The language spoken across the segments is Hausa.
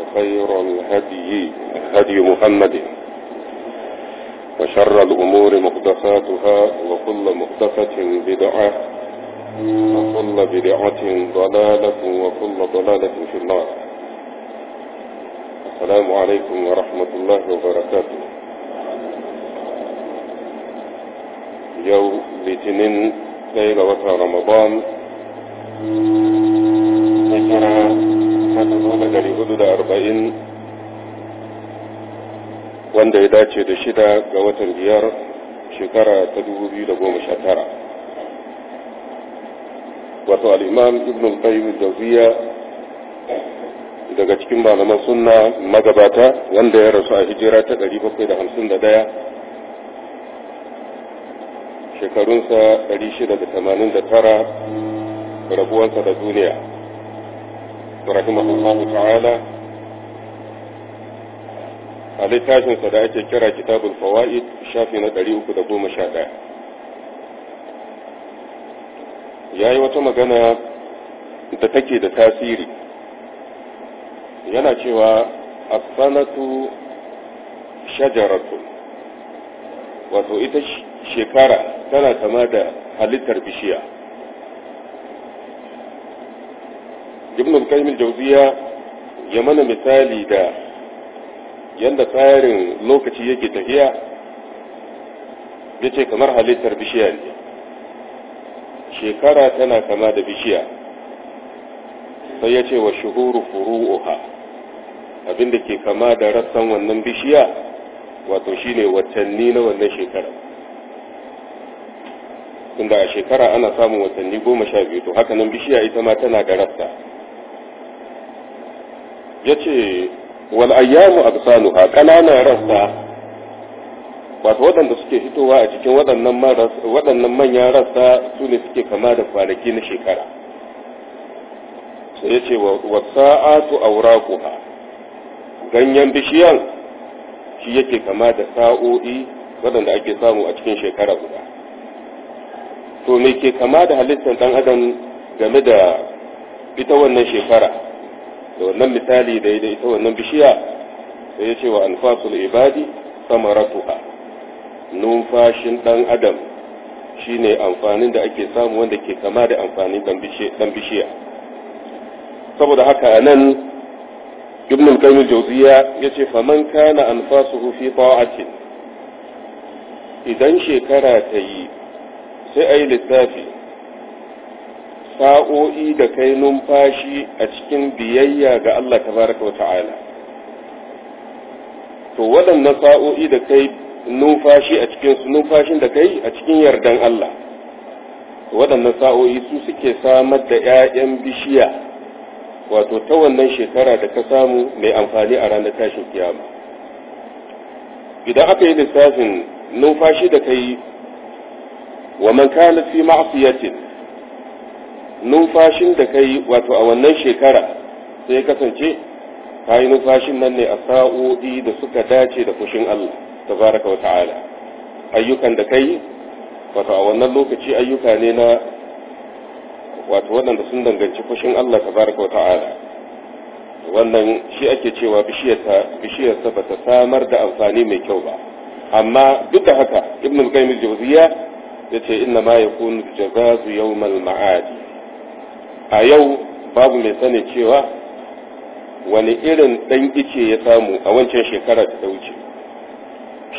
وخير الهدي هدي محمد وشر الأمور مقدساتها وكل مقدسة بدعة وكل بدعة ضلالة وكل ضلالة في النار السلام عليكم ورحمة الله وبركاته يوم لتنين ليلة رمضان aka zo da hudu da arba'in wanda ya dace da shida ga watan biyar shekara ta dubu biyu da goma sha tara wato al'imam ibn al-qayyim jauziya daga cikin malaman sunna magabata wanda ya rasu a hijira ta ɗari bakwai da hamsin da ɗaya shekarunsa ɗari shida da tamanin da tara rabuwansa da duniya رحمه الله تعالى a littafinsa da ake kira kitabul fawa'id shafi na 311 ya yi wata magana da take da tasiri yana cewa asanatu shajaratu wato ita shekara tana kama da halittar bishiya ibn al-qayyim al-jawziya ya mana misali da yanda tsarin lokaci yake tafiya yace kamar halittar bishiya ne shekara tana kama da bishiya sai ya ce wa shuhuru furu'uha abinda ke kama da rassan wannan bishiya wato shine watanni na wannan shekara Inda a shekara ana samun watanni goma sha biyu to haka nan bishiya ita ma tana da rassa yace wal ayyamu ha kananan rassa wato waɗanda suke fitowa a cikin waɗannan manyan rassa su ne suke kama da kwanaki na shekara sai yace wa sa'atu awraquha ganyen bishiyan shi yake kama da sa'o'i waɗanda ake samu a cikin shekara guda to me ke kama da halittar ɗan adam game da ita wannan shekara da wannan misali da ya da ita wannan bishiya sai ya ce wa alfasul ibadi samaratuha numfashin dan adam shine amfanin da ake samu wanda ke kama da amfanin dan bishiya saboda haka nan ibn al-qayyim al-jawziya yace faman kana anfasuhu fi ta'ati idan shekara tayi yi sai ayi lissafi sa'o'i da kai numfashi a cikin biyayya ga Allah tabaraka wa ta'ala to waɗannan sa'o'i da kai numfashi a cikin su numfashin da kai a cikin yardan Allah waɗannan sa'o'i su suke samar da 'ya'yan bishiya wato ta wannan shekara da ka samu mai amfani a ranar tashin kiyama idan aka yi lissafin numfashi da kai wa man kana fi ma'siyatin numfashin da kai wato a wannan shekara sai kasance ka yi numfashin nan ne a sa'o'i da suka dace da fushin Allah ta tabaraka wa ta'ala ayyukan da kai wato a wannan lokaci ayyuka ne na wato waɗanda sun danganci fushin Allah ta tabaraka wa ta'ala wannan shi ake cewa bishiyar ta bata samar da amfani mai kyau ba amma duk da haka ibn al-qayyim al-jawziyya yace inna ma yakunu jazazu yawm al-ma'adi a yau babu mai sani cewa wani irin ɗan ice ya samu a wancan shekara ta wuce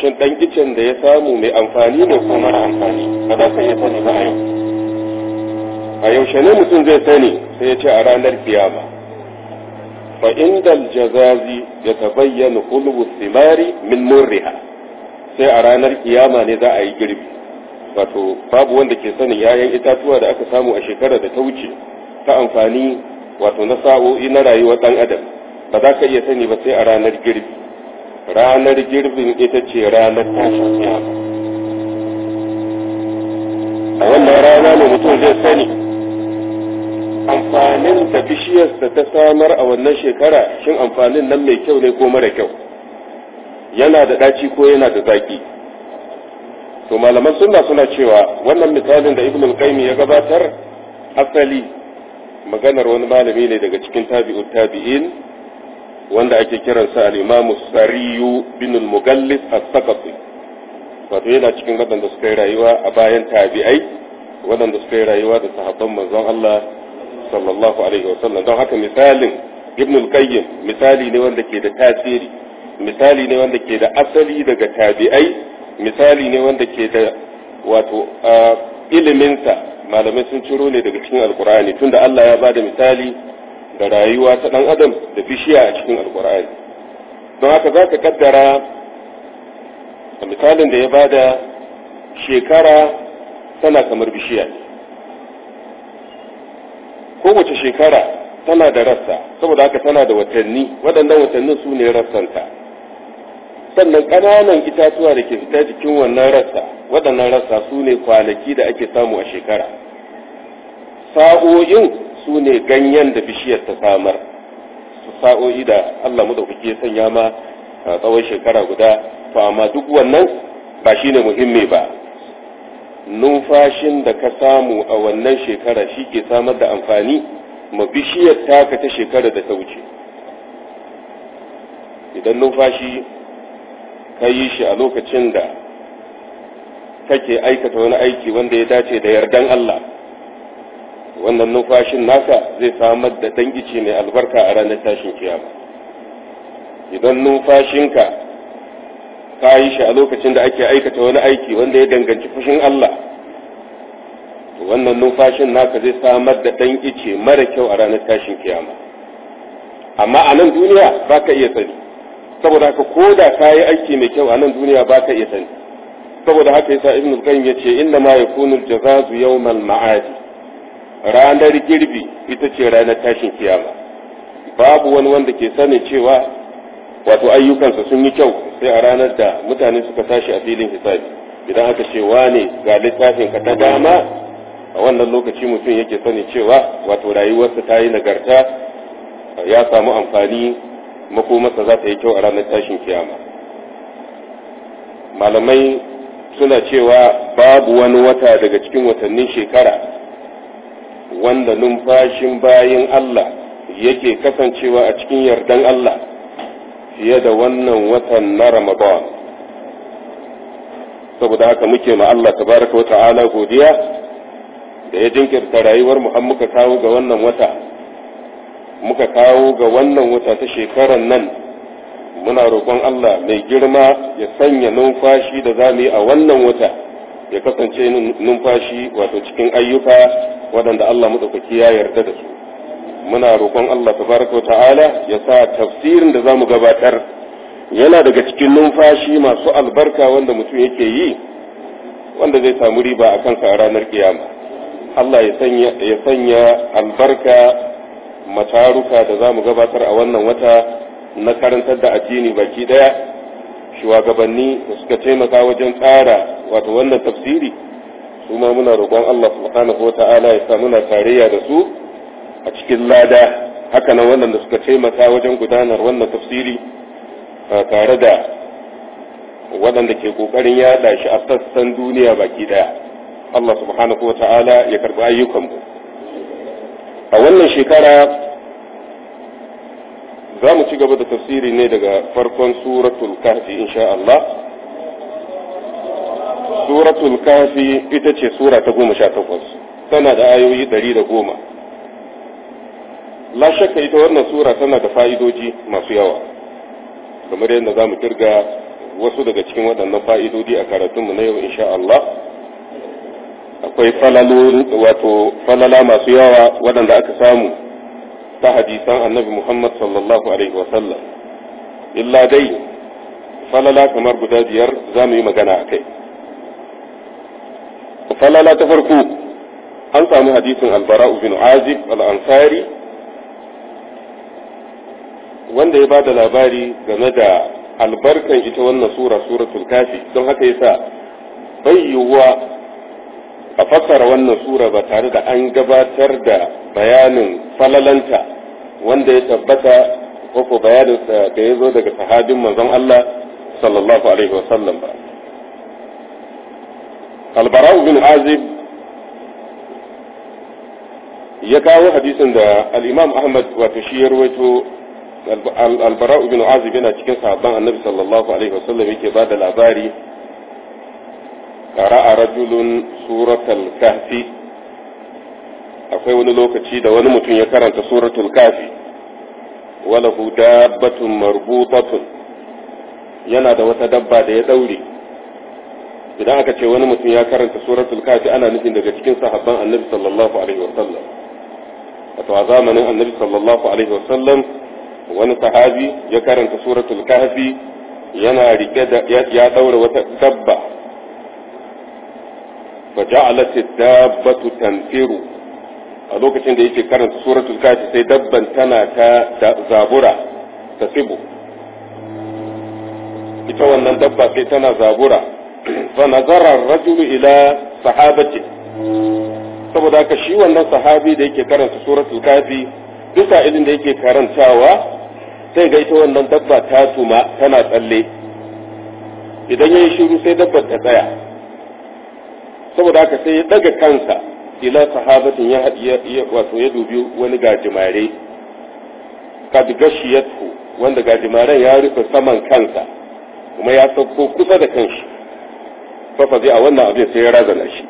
shin ɗan icen da ya samu mai amfani ne ko mara amfani a za yi sani ba a yau a yaushe ne mutum zai sani sai ya ce a ranar kiyama fa indal jazazi ya tabayyana kulubu simari min murriha sai a ranar kiyama ne za a yi girbi wato babu wanda ke sanin yayan itatuwa da aka samu a shekarar da ta wuce ta amfani wato na sa'o'i na rayuwar ɗan adam ba za ka iya sani ba sai a ranar girbi ranar girbin ita ce ranar tashin kiyama a wannan rana ne mutum zai sani amfanin da bishiyarsa ta samar a wannan shekara shin amfanin nan mai kyau ne ko mara kyau yana da ɗaci ko yana da zaƙi to malaman suna suna cewa wannan misalin da ibn al ya gabatar asali maganar wani malami ne daga cikin tabi'ut tabi'in wanda ake kiransa al-imamu sariyu bin al-mughallis as-saqafi wato yana cikin waɗanda suka yi rayuwa a bayan tabi'ai waɗanda suka yi rayuwa da sahabban manzon Allah sallallahu alaihi wasallam don haka misalin ibn al-qayyim misali ne wanda ke da tasiri misali ne wanda ke da asali daga tabi'ai misali ne wanda ke da wato ah, iliminsa malamai sun ciro ne daga cikin alkur'ani tunda Allah ya bada misali da rayuwa ta dan adam da bishiya a cikin alkur'ani don haka za ka kaddara a misalin da ya bada shekara tana kamar bishiya ne kowace shekara tana da rassa saboda haka tana da watanni waɗannan watannin su ne rassanta sannan ƙananan itatuwa da ke fita jikin wannan rassa waɗannan rassa su ne kwanaki da ake samu a shekara sa'o'in su ne ganyen da bishiyar ta samar su sa'o'i da allah mu da kuke sanya ma a tsawon shekara guda to amma duk wannan ba shi ne muhimmi ba numfashin da ka samu a wannan shekara shi ke samar da amfani ma bishiyar taka ta shekara da ta wuce idan numfashi ka yi shi a lokacin da kake aikata wani aiki wanda ya dace da yardan Allah wannan numfashin naka zai samar da dangici mai albarka a ranar tashin kiyama idan numfashinka ka yi shi a lokacin da ake aikata wani aiki wanda ya danganci fushin Allah wannan numfashin naka zai samar da dangice mara kyau a ranar tashin kiyama amma a nan duniya ba ka iya sani saboda haka ko da ka yi aiki mai kyau a nan duniya ba ka iya sani saboda haka yasa ibn al-qayyim yace inna ma yakunu jazazu yawmal maad ranar girbi ita ce ranar tashin kiyama babu wani wanda ke sani cewa wato ayyukansa sun yi kyau sai a ranar da mutane suka tashi a filin hisabi idan aka ce wane ga littafin ka ta dama a wannan lokaci mutum yake sani cewa wato rayuwarsa ta yi nagarta ya samu amfani makomarsa za ta yi kyau a ranar tashin kiyama malamai suna cewa babu wani wata daga cikin watannin shekara wanda numfashin bayan Allah yake kasancewa a cikin yardan Allah fiye da wannan watan na Ramadan saboda haka muke ma Allah tabaraka wa ta'ala godiya da ya jinkirta rayuwar mu an muka kawo ga wannan wata muka kawo ga wannan wuta ta shekarar nan muna roƙon Allah mai girma ya sanya numfashi da za mu yi a wannan wuta ya kasance numfashi wato cikin ayyuka waɗanda Allah matsakaki ya yarda da su muna roƙon Allah baraka ta'ala ya sa tafsirin da za mu gabatar yana daga cikin numfashi masu albarka wanda mutum yake yi wanda zai samu riba a kansa a ranar kiyama Allah ya sanya albarka mataruka da za mu gabatar a wannan wata na karantar da addini baki daya shugabanni da suka taimaka wajen tsara wato wannan tafsiri su ma muna roƙon Allah subhanahu wa ta'ala ya samu muna tarayya da su a cikin lada haka nan da suka taimaka wajen gudanar wannan tafsiri tare da waɗanda ke ƙoƙarin yaɗa shi a sassan duniya baki daya Allah subhanahu wa ta'ala ya karɓi ayyukanmu a wannan shekara za mu ci gaba da tafsiri ne daga farkon suratul kahfi insha Allah suratul kahfi ita ce sura ta goma sha takwas tana da ayoyi ɗari da goma la shakka ita wannan sura tana da fa'idoji masu yawa kamar yadda za mu kirga wasu daga cikin waɗannan fa'idodi a karatunmu na yau insha Allah akwai wato falala masu yawa waɗanda aka samu ta hadisan annabi Muhammad sallallahu Alaihi wasallam. Illa dai falala kamar guda biyar za mu yi magana a kai. Falala ta farko an samu hadisin albara bin azib al'ansari wanda ya ba da labari game da albarkan ita wannan sura suratul kafi don haka yasa bai yiwuwa a fassara wannan sura ba tare da an gabatar da bayanin falalanta wanda ya tabbata koko bayanin da ya zo daga sahabin manzon Allah sallallahu alaihi wasallam ba albarau bin azib ya kawo hadisin da al-imam ahmad wato shi ya rawaito albarau bin azib yana cikin sahabban annabi sallallahu alaihi wasallam yake ba da labari ra'a rajulun suratul kahfi akwai wani lokaci da wani mutum ya karanta suratul kahfi wala hu dabbatun marbutatun yana da wata dabba da ya daure idan aka ce wani mutum ya karanta suratul kahfi ana nufin daga cikin sahabban annabi sallallahu alaihi wa sallam wato a zamanin annabi sallallahu alaihi wa sallam wani sahabi ya karanta suratul kahfi yana rike da ya daura wata dabba فجعلت الدابة تنفر a lokacin da yake karanta suratul kafi sai dabban tana ta zabura ta sibu ita wannan dabba sai tana zabura fa ila saboda haka shi wannan sahabi da yake karanta suratul kafi duk sa'ilin da yake karantawa sai ga ita wannan dabba ta tuma tana tsalle idan yayi shiru sai dabbar ta tsaya saboda haka sai ya daga kansa ila sahabatin ya wato ya dubi wani gajimare kad gashiyatu wanda gajimaren ya rufe saman kansa kuma ya sauko kusa da kanshi fafa zai a wannan abin sai ya razana shi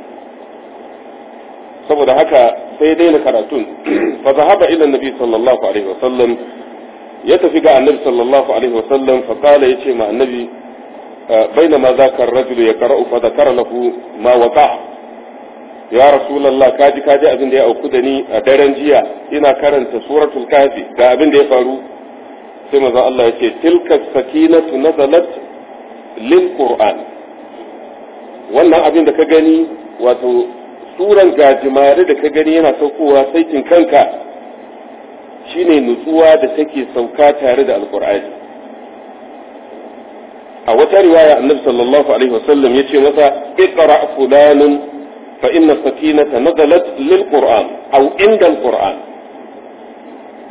saboda haka sai dai na karatun fa zahaba ila nabi sallallahu alaihi wasallam ya tafi ga annabi sallallahu alaihi wasallam fa kala yace ma annabi بينما ذاك الرجل يقرأ فذكر له ما وقع ya rasulallah kaji kaji abin da ya auku da ni a daren jiya ina karanta suratul kafi ga abin da ya faru sai maza Allah ya ce tilka sakinatu nazalat lil qur'an wannan abin da ka gani wato suran gajimare da ka gani yana saukowa saikin kanka shine nutsuwa da take sauka tare da alkur'ani. a wata riwaya annabi sallallahu alaihi wasallam ya ce masa iqra fulanun fa inna sakinata nazalat lil qur'an aw inda al qur'an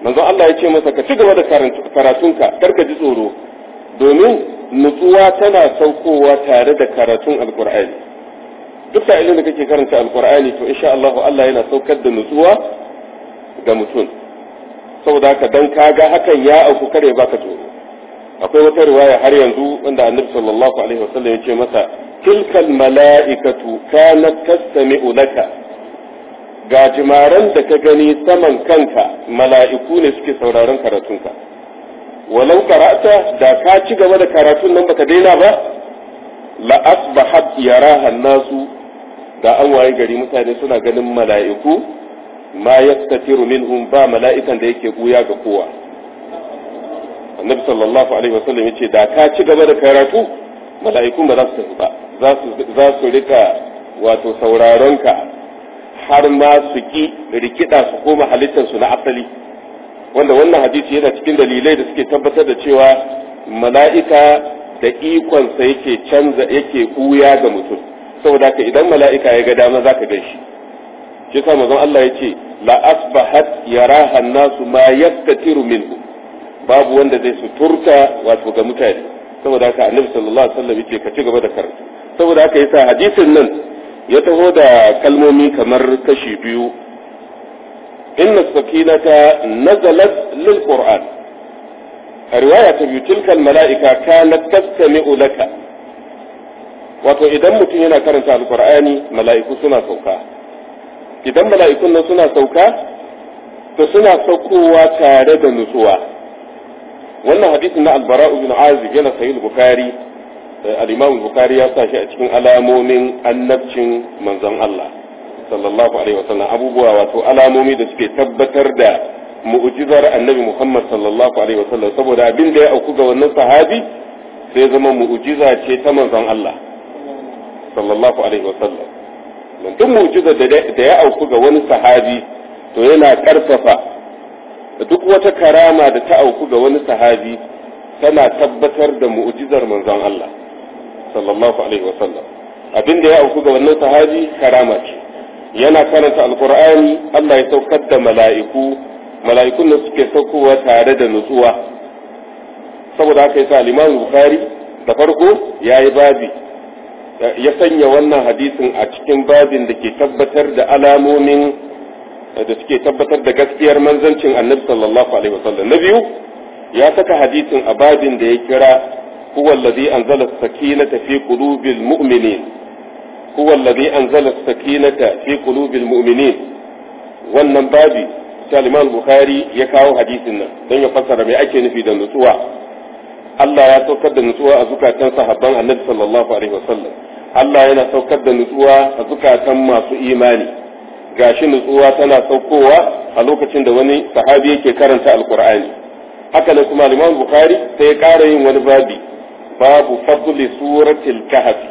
manzo Allah ya ce masa ka ci gaba da karatunka karka ji tsoro domin nutsuwa tana saukowa tare da karatun alkur'ani duk da da kake karanta alkur'ani to insha Allah Allah yana saukar da nutsuwa ga mutum saboda haka dan kaga hakan ya auku kare baka tsoro akwai wata riwaya har yanzu wanda annabi sallallahu alaihi wasallam ya ce masa tilkal mala'ikatu kana tastami'u ulaka ga jimaran da ka gani saman kanka mala'iku ne suke sauraron karatunka walau karata da ka ci gaba da karatun nan baka daina ba la asbahat yaraha nasu da an waye gari mutane suna ganin mala'iku ma yastatiru minhum ba mala'ikan da yake buya ga kowa annabi sallallahu alaihi wasallam yace da ka ci gaba da karatu mala'ikun ba za su tafi ba za su rika wato sauraron ka har ma su ki rikida su koma halittar su na asali wanda wannan hadisi yana cikin dalilai da suke tabbatar da cewa mala'ika da ikon sa yake canza yake kuya ga mutum saboda ka idan mala'ika ya ga dama zaka gan shi shi sa manzon Allah yace la asbahat yaraha an-nasu ma yaktatiru minhu babu wanda zai su turta wato ga mutane saboda haka annabi sallallahu alaihi wasallam yake ka ci gaba da karatu saboda haka yasa hadisin nan ya taho da kalmomi kamar kashi biyu inna sakinata nazalat lil qur'an a riwaya ta biyu tilka al mala'ika kanat tastami'u laka wato idan mutum yana karanta alqur'ani mala'iku suna sauka idan mala'ikun nan suna sauka to suna saukowa tare da nutsuwa wannan hadisin na albara ibn azib yana sahih bukhari eh, al-imam bukhari ya sa shi a cikin alamomin annabcin manzon Allah sallallahu alaihi wasallam abubuwa wato alamomi da suke tabbatar da mu'jizar annabi Muhammad sallallahu alaihi wasallam saboda abin da ya auku ga wannan sahabi sai zama mu'jiza ce ta manzon Allah sallallahu alaihi wasallam duk mu'jiza da ya auku ga wani sahabi to yana karfafa duk wata karama da ta auku ga wani sahabi tana tabbatar da mu'jizar manzon Allah sallallahu alaihi wa sallam. abin da ya auku ga wannan sahabi karama ce yana karanta alqur'ani Allah ya saukar da mala'iku mala'ikun da suke saukowa tare da nutsuwa saboda haka yasa al-Imam Bukhari da farko yayi babi ya sanya wannan hadisin a cikin babin da ke tabbatar da alamomin da suke tabbatar da gaskiyar manzancin annabi sallallahu alaihi wasallam na biyu ya saka hadisin a babin da ya kira huwa allazi anzala sakinata fi qulubil mu'minin huwa allazi anzala sakinata fi qulubil mu'minin wannan babi Salman Bukhari ya kawo hadisin nan don ya fassara me ake nufi da nutsuwa Allah ya saukar da nutsuwa a zukatan sahabban Annabi sallallahu alaihi wasallam Allah yana saukar da nutsuwa a zukatan masu imani gashi nutsuwa tana saukowa a lokacin da wani sahabi yake karanta alkur'ani haka ne kuma al-Imam Bukhari sai ya ƙara yin wani babi babu fadli suratul kahfi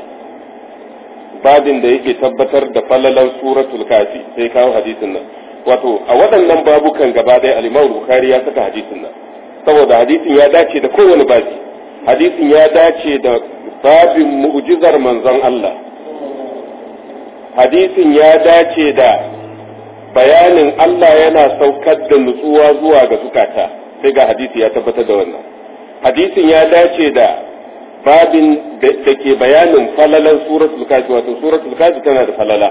babin da yake tabbatar da falalan suratul kafi sai kawo hadisin nan wato a waɗannan babukan gaba ɗaya al-Imam Bukhari ya saka hadisin nan saboda hadisin ya dace da kowane babi hadisin ya dace da babin mu'jizar manzon Allah hadisin ya dace da bayanin Allah yana saukar da nutsuwa zuwa ga zukata sai ga hadisi ya tabbatar da wannan hadisin ya dace da babin da ke bayanin falalan surat kafi wato surat kafi tana da falala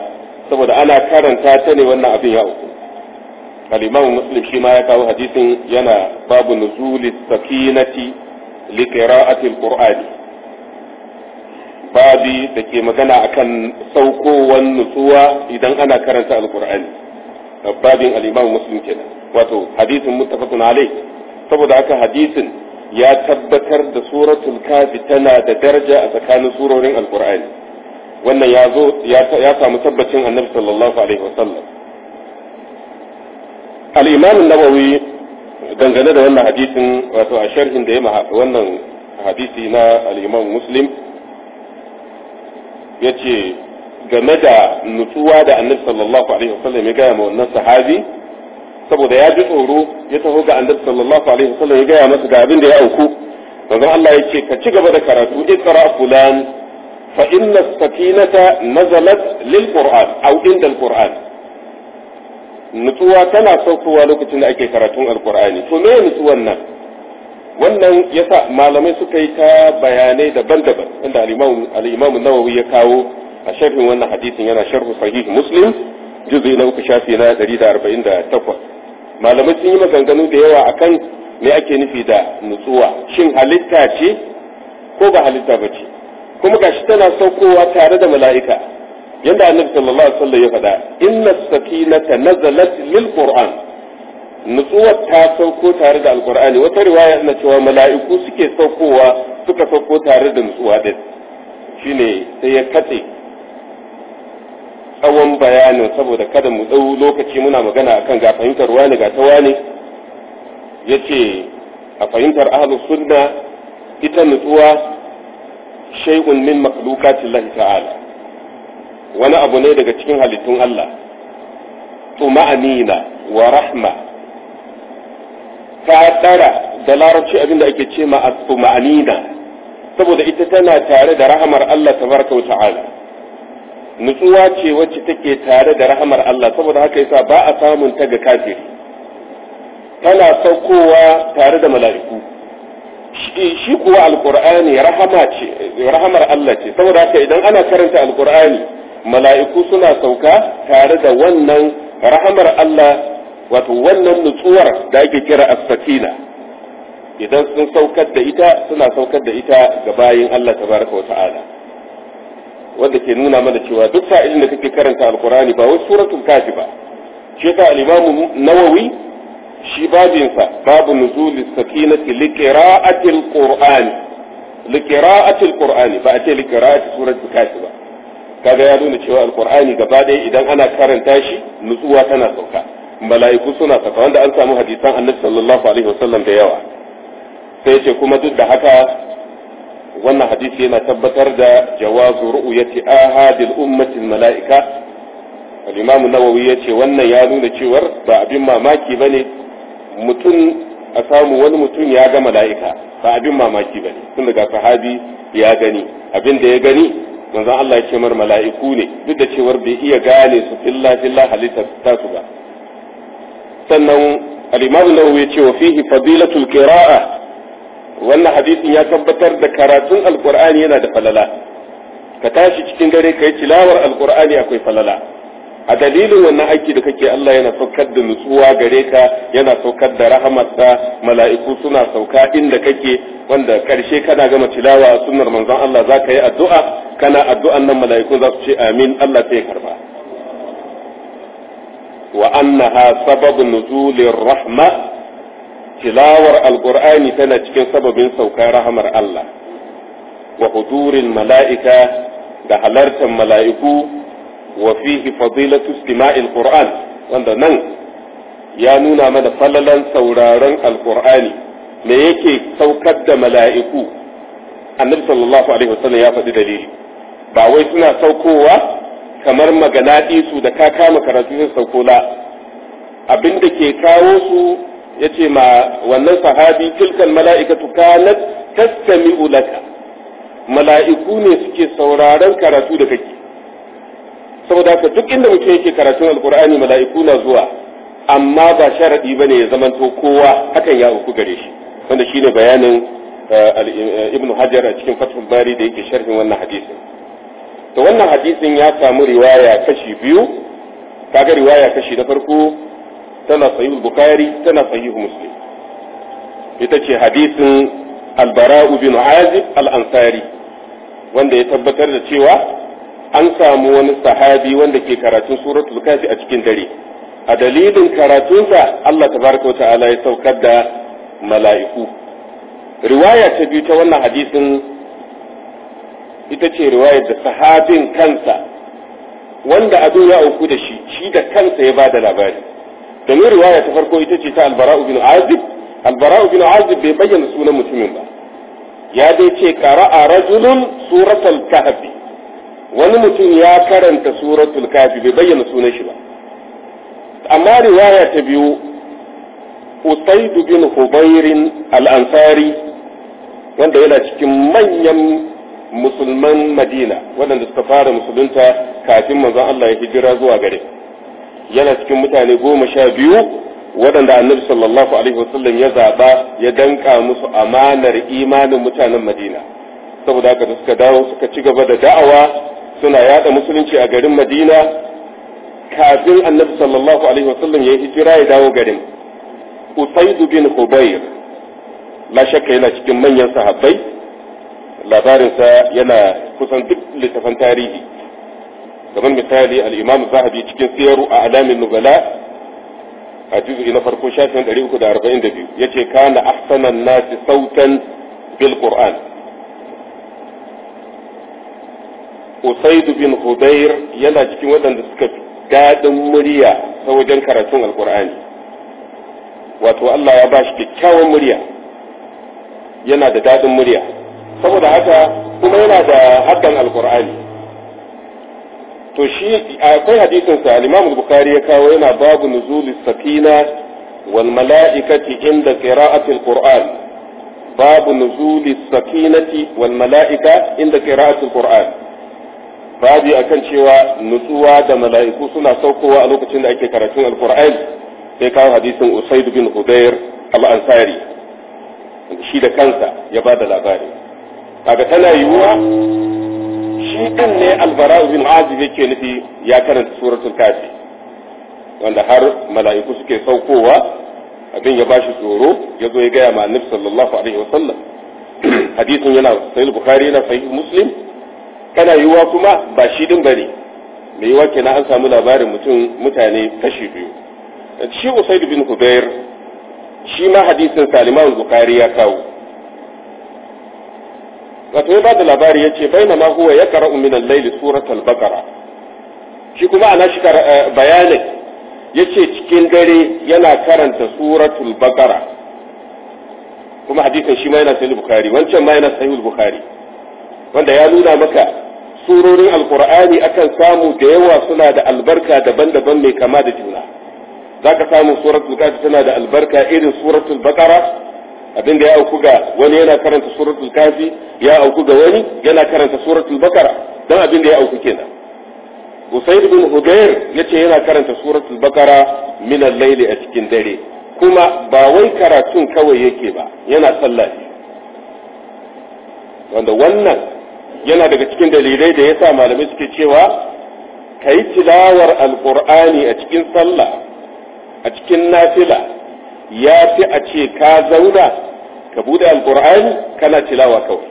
saboda ana karanta ta ne wannan abin ya uku al-imam muslim shi ma ya kawo hadisin yana babu nuzuli sakinati li qira'ati al kurani babi da ke magana akan saukowar nutsuwa idan ana karanta al-qur'ani babin al-Imam Muslim kenan wato hadisin muttafaqun alayh saboda haka hadisin ya tabbatar da suratul kafi tana da daraja a tsakanin surorin alqur'ani wannan ya zo ya samu tabbacin annabi sallallahu alaihi wasallam al-Imam an dangane da wannan hadisin wato a sharhin da ya maha wannan hadisi na al-Imam ya ce. game da nutsuwa da annabi sallallahu alaihi wasallam ya gaya ma wannan sahabi saboda ya ji tsoro ya taho ga annabi sallallahu alaihi wasallam ya gaya masa ga abin da ya auku manzon Allah ya ce ka ci gaba da karatu iqra fulan fa inna sakinata nazalat lil qur'an aw inda al qur'an nutsuwa tana saukowa lokacin da ake karatun alqur'ani to me nutsuwan nan wannan yasa malamai suka yi ta bayanai daban-daban inda al-imam al-imam nawawi ya kawo a shafin wannan hadisin yana sharhu sahih muslim juz'i na uku shafi na 148 malamai sun yi maganganu da yawa akan me ake nufi da nutsuwa shin halitta ce ko ba halitta ba ce kuma gashi tana saukowa tare da mala'ika yadda annabi sallallahu alaihi wasallam ya faɗa inna sakinata nazalat lil qur'an nutsuwar ta sauko tare da alqur'ani wata riwaya na cewa mala'iku suke saukowa suka sauko tare da nutsuwa din shine sai ya katse tsawon bayanin saboda kada mu ɗau lokaci muna magana akan ga fahimtar wani ga ta wani ya ce a fahimtar ahalus sunna ita nutsuwa shaikun min makhluqatin lahi ta'ala wani abu ne daga cikin halittun Allah tuma'anina wa rahma ta tsara da larabci abinda ake ce ma tuma'anina saboda ita tana tare da rahamar Allah tabaraka wa ta'ala nutsuwa ce wacce take tare da rahamar Allah saboda haka yasa ba a samun ta ga kafiri tana saukowa tare da mala'iku shi kuwa alqur'ani rahama ce rahamar Allah ce saboda haka idan ana karanta alqur'ani mala'iku suna sauka tare da wannan rahamar Allah wato wannan nutsuwar da ake kira as-sakina idan sun saukar da ita suna saukar da ita ga bayin Allah tabaraka wa ta'ala wanda ke nuna mana cewa duk sa'ilin da kake karanta alkurani ba wai suratul kafi ba shi ta nawawi shi babinsa babu nuzul sakinati li qira'ati al-qur'ani ba a ce li surat suratul kafi ba kaga ya nuna cewa alkur'ani gaba daya idan ana karanta shi nutsuwa tana sauka mala'iku suna sauka wanda an samu hadisan annabi sallallahu alaihi wasallam da yawa sai ce kuma duk da haka wannan hadisi yana tabbatar da jawazu ru'yati ahadil ummati malaika al-imam nawawi yace wannan ya nuna cewar ba abin mamaki bane mutum a samu wani mutum ya ga mala'ika ba abin mamaki bane tun daga sahabi ya gani abin da ya gani manzon Allah ya ce mar mala'iku ne duk da cewar bai iya gane su filla filla halitta ta su ba sannan al-imam nawawi ya wa fihi fadilatul qira'a wannan hadisin ya tabbatar da karatun alkur'ani yana da falala ka tashi cikin dare ka yi tilawar alkur'ani akwai falala a dalilin wannan aiki da kake Allah yana saukar da nutsuwa gare ka yana saukar da rahamarsa mala'iku suna sauka inda kake wanda karshe kana gama tilawa a sunnar manzon Allah za ka yi addu'a kana addu'an nan mala'iku za su ce amin Allah sai karba wa annaha sababun nuzulir rahma tilawar al'kur'ani tana cikin sababin saukar rahamar Allah wa hudurin mala'ika da halartar mala'iku wa fihi fadilatu istima'il qur'an wanda nan ya nuna mana falalan sauraron alqur'ani me yake saukar da mala'iku annabi sallallahu alaihi wasallam ya faɗi dalili ba wai suna saukowa kamar magana su da ka kama karatu sai sauko la abinda ke kawo su yace ma wannan sahabi tilkal mala'ikatu kanat tastami'u laka mala'iku ne suke sauraron karatu da kake saboda duk inda mutum yake karatun al'kur'ani mala'iku na zuwa amma ba ba ne ya zamanto kowa hakan ya uku gare shi wanda shine bayanin eh, eh, ibn hajar a cikin fathul bari da yake sharhin wannan hadisin to wannan hadisin ya samu riwaya kashi biyu kaga riwaya kashi na farko tana sahihul bukhari tana sahihul muslim ita ce hadisin albara'u bin azib al-ansari wanda ya tabbatar da cewa an samu wani sahabi wanda ke karatun suratul kafi a cikin dare a dalilin karatunsa Allah tabaraka wa ta'ala ya saukar da mala'iku riwaya ta biyu ta wannan hadisin ita ce riwaya da sahabin kansa wanda abin ya auku da shi shi da kansa ya ba da labari domin riwaya ta farko ita ce ta albara'u bin azib albara'u bin azib bai bayyana sunan mutumin ba ya dai ce qara'a rajulun suratul kahfi wani mutum ya karanta suratul kahfi bai bayyana sunan shi ba amma riwaya ta biyu usaid bin hubairin al-ansari wanda yana cikin manyan musulman madina waɗanda suka fara musulunta kafin manzon Allah ya hijira zuwa gare yana cikin mutane goma sha biyu waɗanda annabi sallallahu alaihi wasallam ya zaɓa ya danka musu amanar imanin mutanen madina saboda haka da suka dawo suka ci gaba da da'awa suna yada musulunci a garin madina kafin annabi sallallahu alaihi wasallam ya yi hijira ya dawo garin usaidu bin hubair la shakka yana cikin manyan sahabbai labarinsa yana kusan duk littafan tarihi kamar misali al zahabi cikin siyaru a alamin nubala a juz'i na farko shafin 342 ce kana ahsanan nasi sautan bil qur'an usaid bin hudair yana cikin waɗanda suka dadin murya ta wajen karatun alqur'ani wato Allah ya bashi kyakkyawan murya yana da dadin murya saboda haka kuma yana da haddan alqur'ani to shi akwai hadisin sa al-Imam Bukhari ya kawo yana babu nuzul sakina wal mala'ikati inda qira'ati al-Qur'an babu nuzul sakinati wal mala'ika inda qira'ati al-Qur'an babu akan cewa nutsuwa da mala'iku suna saukowa a lokacin da ake karatun al-Qur'an sai kawo hadisin Usaid bin Hudair al-Ansari shi da kansa ya bada labari kaga tana yiwuwa shi din ne albara bin azib yake nufi ya karanta suratul kafi wanda har mala'iku suke saukowa abin ya bashi tsoro ya zo ya gaya ma annabi sallallahu alaihi sallam hadisin yana sahih bukhari na sahih muslim kana yiwa kuma ba shi din bane me yiwa kenan an samu labarin mutum mutane kashi biyu shi usaid bin hudair shi ma hadisin saliman bukhari ya kawo wato ya bada labari ya ce bai ma huwa ya kara uminan laili suratul bakara shi kuma ana shi eh, bayanin ya ce cikin dare yana karanta suratul bakara kuma hadisin shi ma yana sahih bukari wancan ma yana sahih bukari wanda ya nuna maka surorin alkur'ani akan samu da yawa suna da albarka daban-daban mai kama da juna za ka samu suratul kafi tana da albarka irin suratul bakara abin da ya auku ga wani yana karanta suratul kafi ya auku ga wani yana karanta suratul bakara don abinda ya auku kenan usaid bin hudayr yace yana karanta suratul bakara min al layl a cikin dare kuma ba wai karatun kawai yake ba yana sallah wanda wannan yana daga cikin dalilai da yasa malamai suke cewa kai tilawar alqur'ani a cikin sallah a cikin nafila ya fi a ce ka zauna ka bude alkur'ani kana tilawa kawai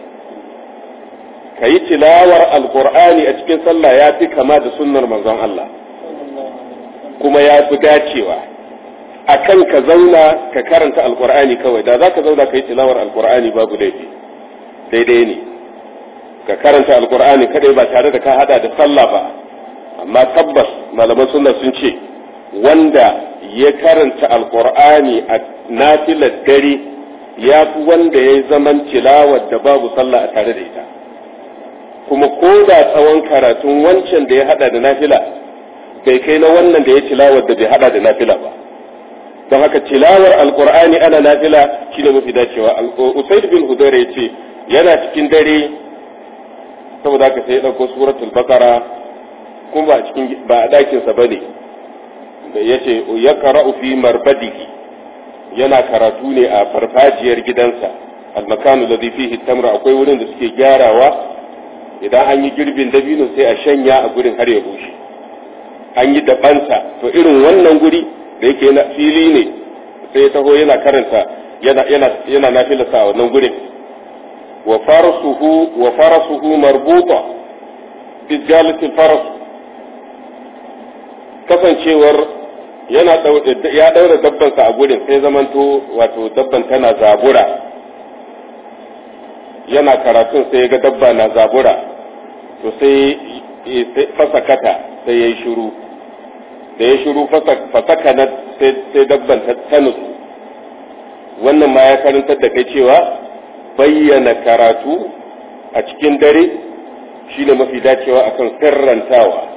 ka yi tilawar alkur'ani a cikin sallah ya fi kama da sunnar manzon Allah kuma ya fi dacewa a kan ka zauna ka karanta alkur'ani kawai da za ka zauna ka yi tilawar alkur'ani babu laifi daidai ne ka karanta alkur'ani kadai ba tare da ka hada da sallah ba amma tabbas malaman sunna sun ce wanda ya karanta alkur'ani a nafilar dare ya fi wanda ya yi zaman tilawar da babu sallah a tare da ita kuma ko da tsawon karatun wancan da ya hada da nafila bai kai na wannan da ya tilawar da bai hada da nafila ba don haka tilawar alkur'ani ana nafila shine mafi dacewa usaid bin ya yace yana cikin dare saboda haka sai ya dauko suratul bakara kuma ba cikin ba a dakin sa ne. ya ce ya yaqra'u fi marbadiki yana karatu ne a farfajiyar gidansa almakanu da ladhi fihi akwai wurin da suke gyarawa idan an yi girbin dabino sai a shanya a gurin har ya bushe an yi dabansa to irin wannan guri da yake na fili ne sai taho yana karanta yana na yana nafilasa a wannan gurin wa farasuhu wa farasuhu marbuta bi jalatil faras kasancewar yana ya daura dabbansa a gurin sai zamanto wato dabban tana zabura yana karatun sai ya ga dabba na zabura to sai eh, fasakata sai ya yi shiru da ya shiru fasakana sai dabban ta nutsu wannan ma ya karantar da kai cewa bayyana karatu a cikin dare shine mafi dacewa akan sirrantawa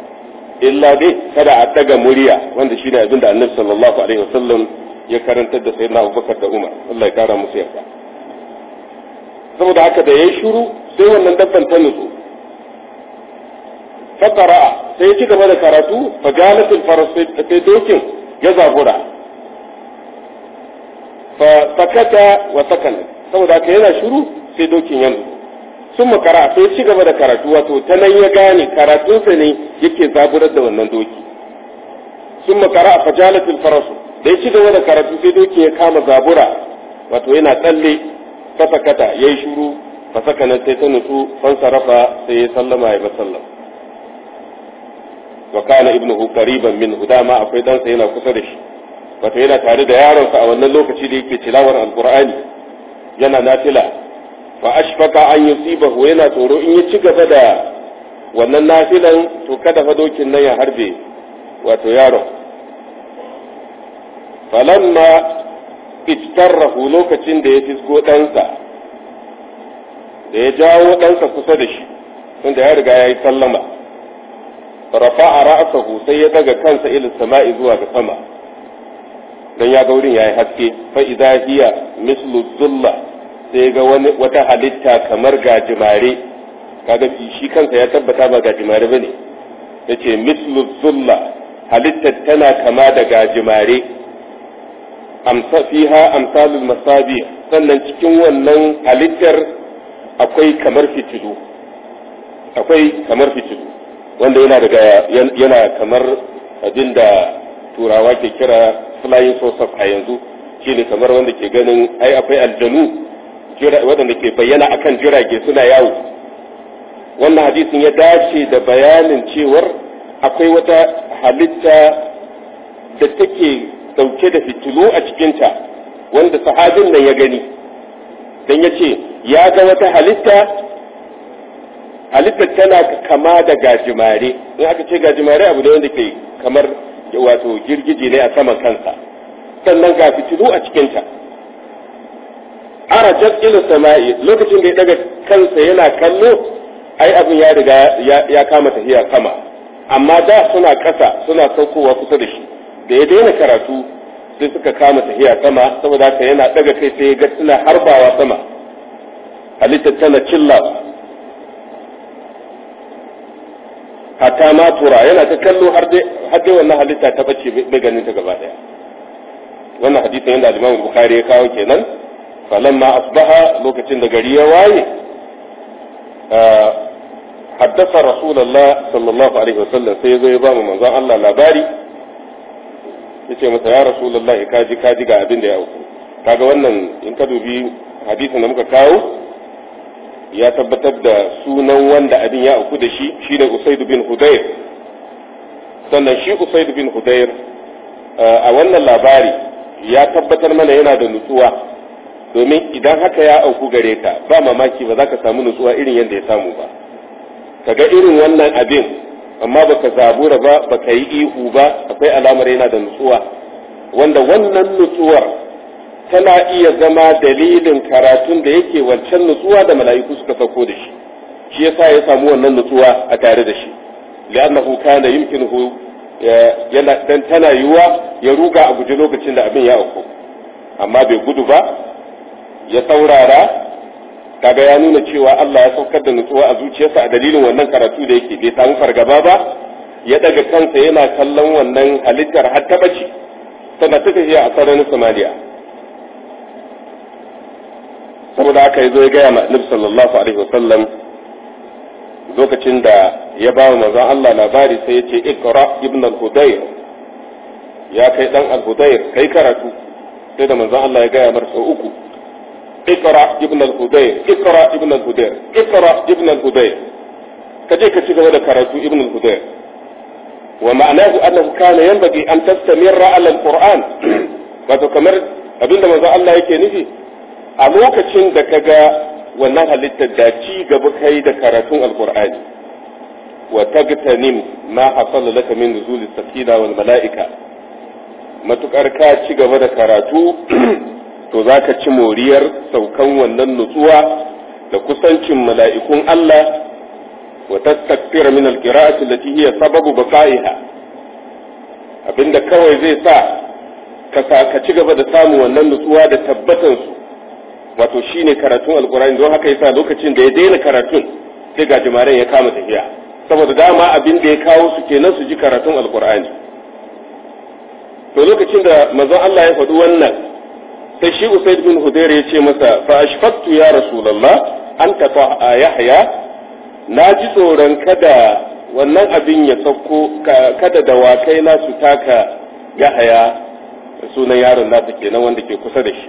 illa dai kada a daga murya wanda shine abin da annabi sallallahu alaihi wasallam ya karantar da sayyidina Abubakar da Umar Allah ya kara musu yarda saboda haka da yayi shiru sai wannan dabban ta nutsu fakara sai ya ci gaba da karatu fa galatul faras sai dokin ya zabura fa sakata wa sakana saboda haka yana shiru sai dokin ya nutsu sun makara sai ci gaba da karatu wato ta nan ya gane karatunsa ne yake zaburar da wannan doki sun makara a fajalatul farasu da ya ci gaba da karatu sai doki ya kama zabura wato yana tsalle fasakata ya yi shuru nan sai ta nutsu fansarafa sai ya sallama ya sallam wa kana ibnu qariban min hudama akwai ɗansa yana kusa da shi wato yana tare da yaronsa a wannan lokaci da yake tilawar alqur'ani yana nafila fa ashfaka an yusibahu yana tsoro in ya ci gaba da wannan nafilan to kada fa dokin nan ya harbe wato yaron falamma iftarrahu lokacin da ya fisgo ɗansa da ya jawo ɗansa kusa da shi tunda ya riga ya yi sallama a ra'sahu sai ya daga kansa ilin sama'i zuwa ga sama dan ya ga wurin yayi haske fa idza hiya mislu sai ga wata halitta kamar gajimare kaga shi kansa ya tabbata ba gajimare bane yace mithlu zulla halitta tana kama da gajimare amsa fiha amsalul masabi sannan cikin wannan halittar akwai kamar fitilu akwai kamar fitilu wanda yana daga yana kamar abinda turawa ke kira flying saucer a yanzu shine kamar wanda ke ganin ai akwai aljanu waɗanda ke bayyana akan jirage suna yawo wannan hadisin ya dace da bayanin cewar akwai wata halitta da take dauke da fitilu a cikinta wanda sahabin nan ya gani don ya ce ya ga wata halitta halittar tana kama da gajimare in aka ce gajimare abu ne wanda ke kamar wato girgije ne a saman kansa sannan ga fitilu a cikinta arajat ila sama'i lokacin da ya daga kansa yana kallo ai abin ya riga ya kama tahiya sama amma da suna kasa suna saukowa kusa da shi da ya daina karatu sai suka kama tahiya sama saboda ka yana daga kai sai ga suna harbawa sama halitta tana cillawa hatta ma tura yana ta kallo har dai wannan halitta ta bace bai ganin ta gaba daya wannan hadisin yadda al-Imam Bukhari ya kawo kenan falamma asbaha lokacin da gari ya waye haddasa صلى sallallahu alaihi وسلم sai yazo ya ba mu manzon Allah labari yace masa ya rasulullah kaji kaji ga abin da ya auku kaga wannan in ka dubi hadisin da muka kawo ya tabbatar da sunan wanda abin ya auku da shi shine Usaid bin Hudayr sannan shi Usaid bin Hudayr a wannan labari ya tabbatar mana yana da nutsuwa domin idan haka ya auku gare ka ba mamaki ba za ka samu nutsuwa irin yadda ya samu ba ka ga irin wannan abin amma ba baka zabura ba ka yi ihu ba akwai alamar yana da nutsuwa wanda wannan nutsuwar tana iya zama dalilin karatun da yake wancan nutsuwa da mala'iku suka sauko da shi shi yasa ya samu wannan nutsuwa a tare da shi li'annahu kana yumkinuhu yana dan tana yiwa ya ruga a guje lokacin da abin ya auku amma bai gudu ba ya saurara kaga ya nuna cewa Allah ya saukar da nutsuwa a zuciyarsa a dalilin wannan karatu da yake bai samu fargaba ba ya daga kansa yana kallon wannan halittar har ta bace tana ta tafiya a sararin Somalia saboda haka yazo ya gaya ma sallallahu alaihi wasallam lokacin da ya ba wa manzon Allah labari sai ya ce Iqra ibn al-Hudayr ya kai dan al-Hudayr kai karatu sai da manzon Allah ya gaya mar sau uku ikra ibn al-hudayr ikra ibn al-hudayr ikra ibn al-hudayr kaje ka ci gaba da karatu ibn al-hudayr wa ma'anahu annahu kana yanbaghi an tastamirra ala al-qur'an wato kamar abinda manzo Allah yake nufi a lokacin da kaga wannan halittar da ci gaba kai da karatun al-qur'ani wa tagtanim ma hasala laka min nuzulis sakina wal mala'ika matukar ka ci gaba da karatu to za ka ci moriyar saukan wannan nutsuwa da kusancin mala'ikun Allah wa tattakfir min alqira'ati allati iya sababu ba baqa'iha abinda kawai zai sa ka ka ci gaba da samun wannan nutsuwa da tabbatansu, wato shi ne karatun alqur'ani don haka yasa lokacin da ya daina karatun sai ga jimaren ya kama tafiya saboda dama abin da ya kawo su kenan su ji karatun alqur'ani to lokacin da mazan Allah ya faɗi wannan sai shi usaid bin hudair ya ce masa fa ashfaqtu ya rasulullah an tafa a yahya na ji tsoron kada wannan abin ya sauko kada dawakai na su taka yahya sunan yaron nasa kenan wanda ke kusa da shi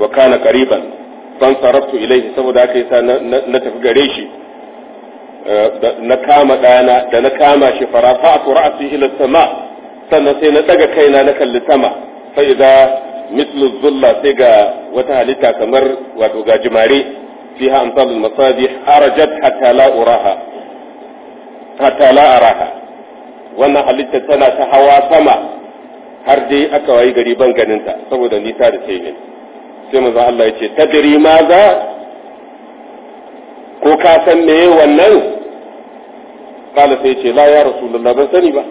wa kana qariban fan saraftu ilaihi saboda haka yasa na tafi gare shi eh, na kama dana da na kama shi farafa ra'si ila sama sannan sai na daga kaina na kalli sama fa idan. mislu zulla sai ga wata halitta kamar wato gajimare fiha amsalul masabih arajat hatta la uraha hatta araha wannan halitta tana ta hawa sama har dai aka wayi gari ban ganin ta saboda nisa da sai sai manzo Allah ya ce tadri maza ko ka san meye wannan kala sai ce la ya rasulullah ban sani ba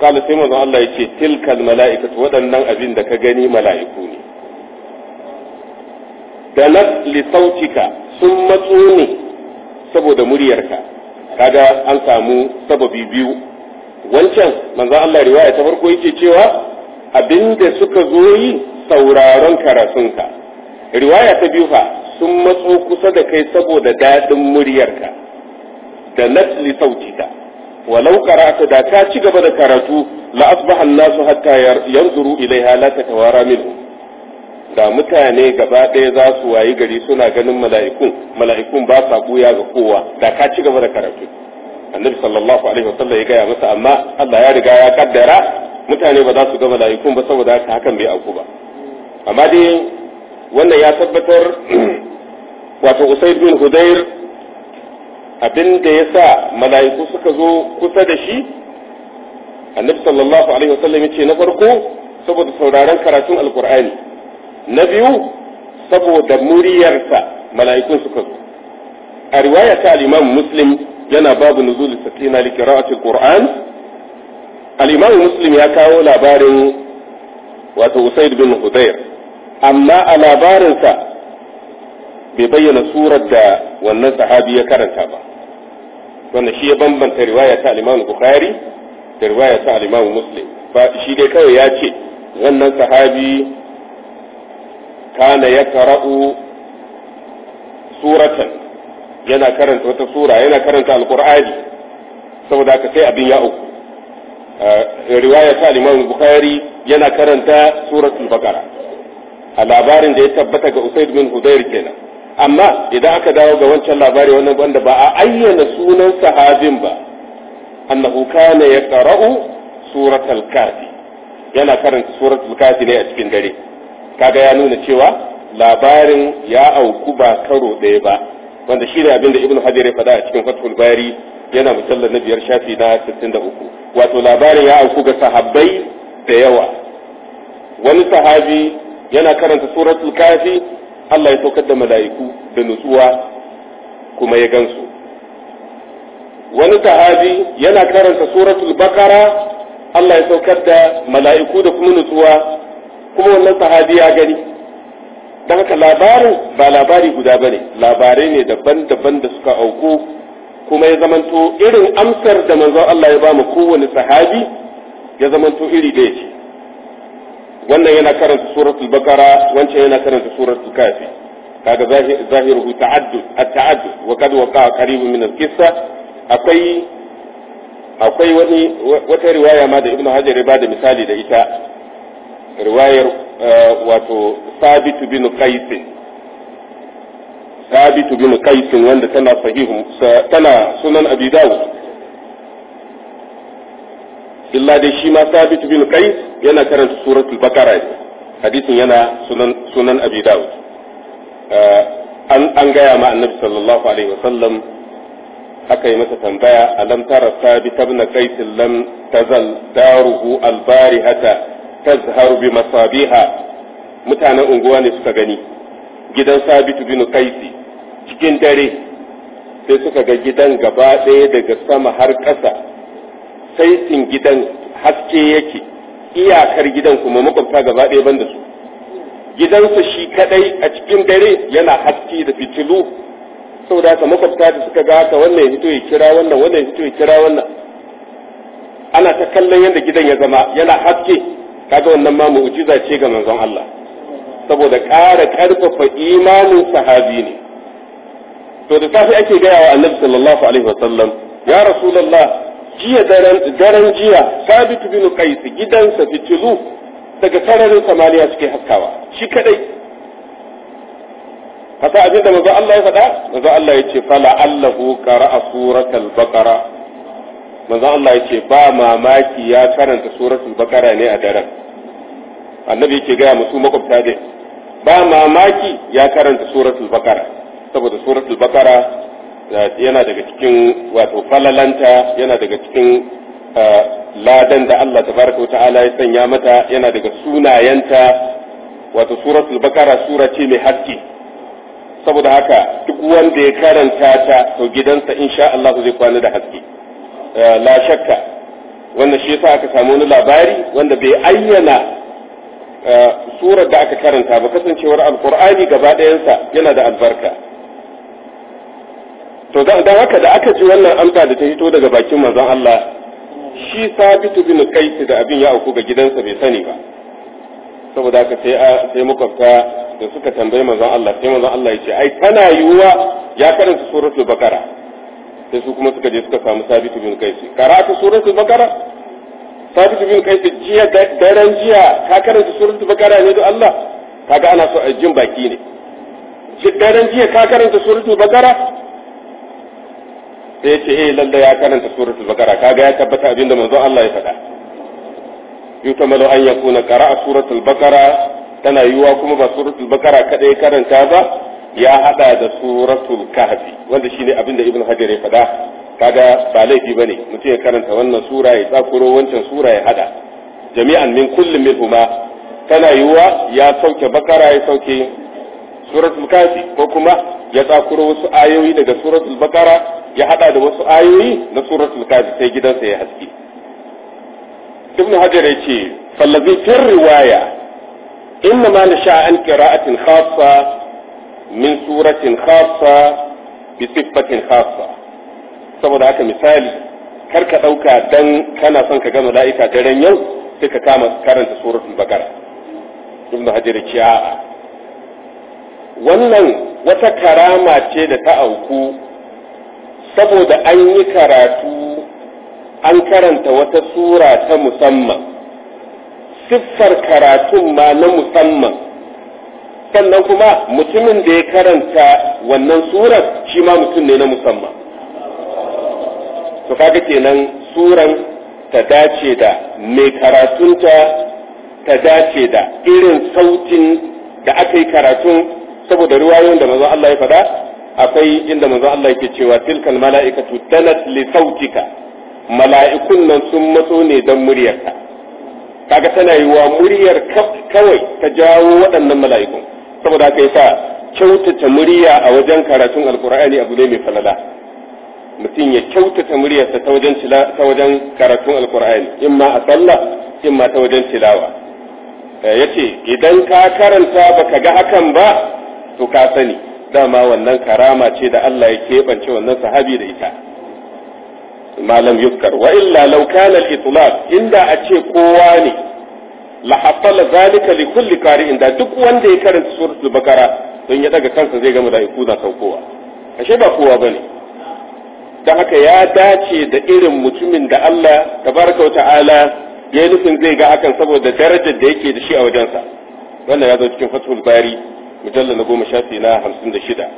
kala sai manzon Allah ya ce tilkal mala'ikat waɗannan abin da ka gani mala'iku ne dalat li sautika sun matso ne saboda muryarka kaga an samu sababi biyu wancan manzon Allah riwaya ta farko yake cewa abinda suka zo yi sauraron karasunka, riwaya ta biyu fa sun matsu kusa da kai saboda daɗin muryarka da natli sautika walau qara'ata da ka ci gaba da karatu la asbaha an-nasu hatta yanzuru ilaiha la da mutane gaba ɗaya za su wayi gari suna ganin mala'ikun mala'ikun ba sa buya ga kowa da ka ci gaba da karatu annabi sallallahu alaihi wasallam ya gaya masa amma Allah ya riga ya kaddara mutane ba za su ga mala'ikun ba saboda haka hakan bai auku ba amma dai wannan ya tabbatar wato Usaid bin Hudayr abin da ya sa mala'iku suka zo kusa da shi annabi sallallahu alaihi wasallam ya ce na farko saboda sauraron karatun alkur'ani na biyu saboda muryarsa mala'ikun suka zo a riwaya ta al-imam muslim yana babu nuzul sakina li qira'ati alquran quran al-imam muslim ya kawo labarin wato usaid bin hudayr amma a labarinsa bai bayyana surar da wannan sahabi ya karanta ba wannan shi ya bambanta riwaya ta al-Imam Bukhari da riwaya ta al-Imam Muslim fa shi dai kawai ya ce wannan sahabi kana yakra'u suratan yana karanta wata sura yana karanta al-Qur'ani saboda haka sai abin ya uku eh, riwaya ta al-Imam Bukhari yana karanta suratul Baqara a labarin da ya tabbata ga Usaid bin Hudayr kenan amma idan aka dawo ga wancan labari wannan wanda ba a ayyana sunan sahabin ba annahu kana yaqra'u suratul kafi yana karanta suratul kafi ne a cikin dare kaga ya nuna cewa labarin ya auku ba karo ɗaya ba wanda shi ne abin da ibnu hajar ya faɗa a cikin fathul bari yana musallar na biyar shafi na 63 wato labarin ya auku ga sahabbai da yawa wani sahabi yana karanta suratul kafi Allah ya saukar da mala'iku da nutsuwa kuma ya gansu wani sahabi yana karanta suratul bakara Allah ya saukar da mala'iku da kuma nutsuwa kuma wannan sahabi ya gani don haka labarin ba labari guda ba ne labarai ne daban-daban da suka auku kuma ya zamanto irin amsar da manzon Allah ya ba mu kowane sahabi ya zamanto iri ɗaya ce wannan yana karanta suratul bakara wancan yana karanta suratul kafi kaga zahiruhu ta'addud at-ta'addud wa kad waqa qaribun min al-qissa akwai akwai wani wata riwaya ma da ibnu hajar ba da misali da ita riwayar eh, wato sabit bin qais sabit bin qais wanda tana sahihu tana sunan abi dawud illa dai shi ma sabit bin kai yana karanta suratul bakara ne hadisin yana sunan sunan abi daud eh, an an gaya ma annabi sallallahu alaihi wasallam aka yi masa tambaya alam tara sabit ibn qais lam tazal daruhu albarihata tazharu bi masabiha mutanen unguwa ne suka gani gidan sabit bin qais cikin dare sai suka ga gidan gaba ɗaya daga sama har ƙasa saitin gidan haske yake iyakar gidan kuma makwabta gaba ɗaya ban da su gidansa shi kadai a cikin dare yana haske da fitilu sau da aka makwabta da suka ga wannan ya fito ya kira wannan wannan ya fito ya kira wannan ana ta kallon yadda gidan ya zama yana haske kaga wannan ma mu'ujiza ce ga manzon Allah saboda ƙara ƙarfafa imanin sahabi ne to da safi ake gaya wa annabi sallallahu alaihi wasallam ya rasulullah jiya daren daren jiya sabit bin qais gidansa fitilu daga sararin samaniya suke haskawa shi kadai kasa abin da manzo Allah ya faɗa manzo Allah ya ce fala allahu qara'a suratul baqara manzo Allah ya ce ba mamaki ya karanta suratul baqara ne a daren annabi yake ga musu makwabta dai ba mamaki ya karanta suratul baqara saboda suratul baqara yana daga cikin wato falalanta yana daga cikin ah, ladan da Allah tabaraka wa ta'ala ya sanya mata yana daga sunayenta wato suratul bakara sura ce mai haske saboda haka duk wanda ya karanta ta to gidansa insha Allah zai kwana da haske ah, la shakka wannan shi yasa aka samu wani labari wanda bai ayyana ah, surar da aka karanta ba kasancewar alqur'ani gaba ɗayansa yana da albarka to dan haka da aka ji wannan amsa da ta hito daga bakin manzon Allah shi sabitu bin kaisi da abin ya auku ga gidansa bai sani ba saboda haka sai sai makwabta da suka tambayi manzon Allah sai manzon Allah ya ce ai tana yiwuwa ya karanta suratul bakara sai su kuma suka je suka samu sabitu bin kaisi karatu suratul bakara sabitu bin kaisi jiya daren jiya ka karanta suratul bakara ne da Allah kaga ana so a jin baki ne daren jiya ka karanta suratul bakara sai ya ce eh lalle ya karanta suratul bakara kaga ya tabbata abinda manzon Allah ya faɗa yutamalu an yakuna qara'a suratul baqara tana yiwuwa kuma ba suratul bakara kadai karanta ba ya hada da suratul kahfi wanda shine abinda ibn hajar ya faɗa kaga ba laifi bane mutum ya karanta wannan sura ya tsakuro wancan sura ya hada jami'an min kullum minhuma tana yiwuwa ya sauke bakara ya sauke suratul kafi ko kuma ya tsakuro wasu ayoyi daga suratul bakara ya hada da wasu ayoyi na suratul kafi sai gidansa ya haske ibn hajar yace fallazi fil riwaya inna ma nasha an qira'atin khassa min suratin khassa bi sifatin khassa saboda haka misali kar ka dauka dan kana son ka gama mala'ika daren yau sai ka kama karanta suratul bakara ibn hajar yace a'a wannan wata karama ce da ta auku saboda an yi karatu an karanta wata sura ta musamman siffar karatun ma na musamman sannan kuma mutumin da ya karanta wannan surar shi ma mutum ne na musamman to kaga kenan suran ta dace da mai karatunta ta dace da irin sautin da aka yi karatun saboda riwayoyin da manzon Allah ya faɗa akwai inda manzon Allah yake cewa tilkal mala'ikatu tanat li sautika mala'ikun nan sun matso ne dan muryarka kaga tana yi wa muryar kawai ta jawo waɗannan mala'ikun saboda haka yasa kyautata murya a wajen karatun alqur'ani abu ne mai falala mutum ya kyautata muryarsa ta wajen ta wajen karatun alkur'ani imma a sallah imma ta wajen tilawa eh, yace idan ka karanta baka ga hakan ba to ka sani dama wannan karama ce da Allah ya keɓance wannan sahabi da ita malam yukkar wa illa law kana al-itlaq inda a ce kowa ne la hafala zalika li kulli qari'in da duk wanda ya karanta suratul bakara don ya daga kansa zai gama da na saukowa ashe ba kowa bane dan haka ya dace da irin mutumin da Allah tabaraka wa ta'ala ya nufin zai ga akan saboda darajar da yake da shi a wajensa wannan ya zo cikin fathul bari mujalla na goma sha na hamsin da shida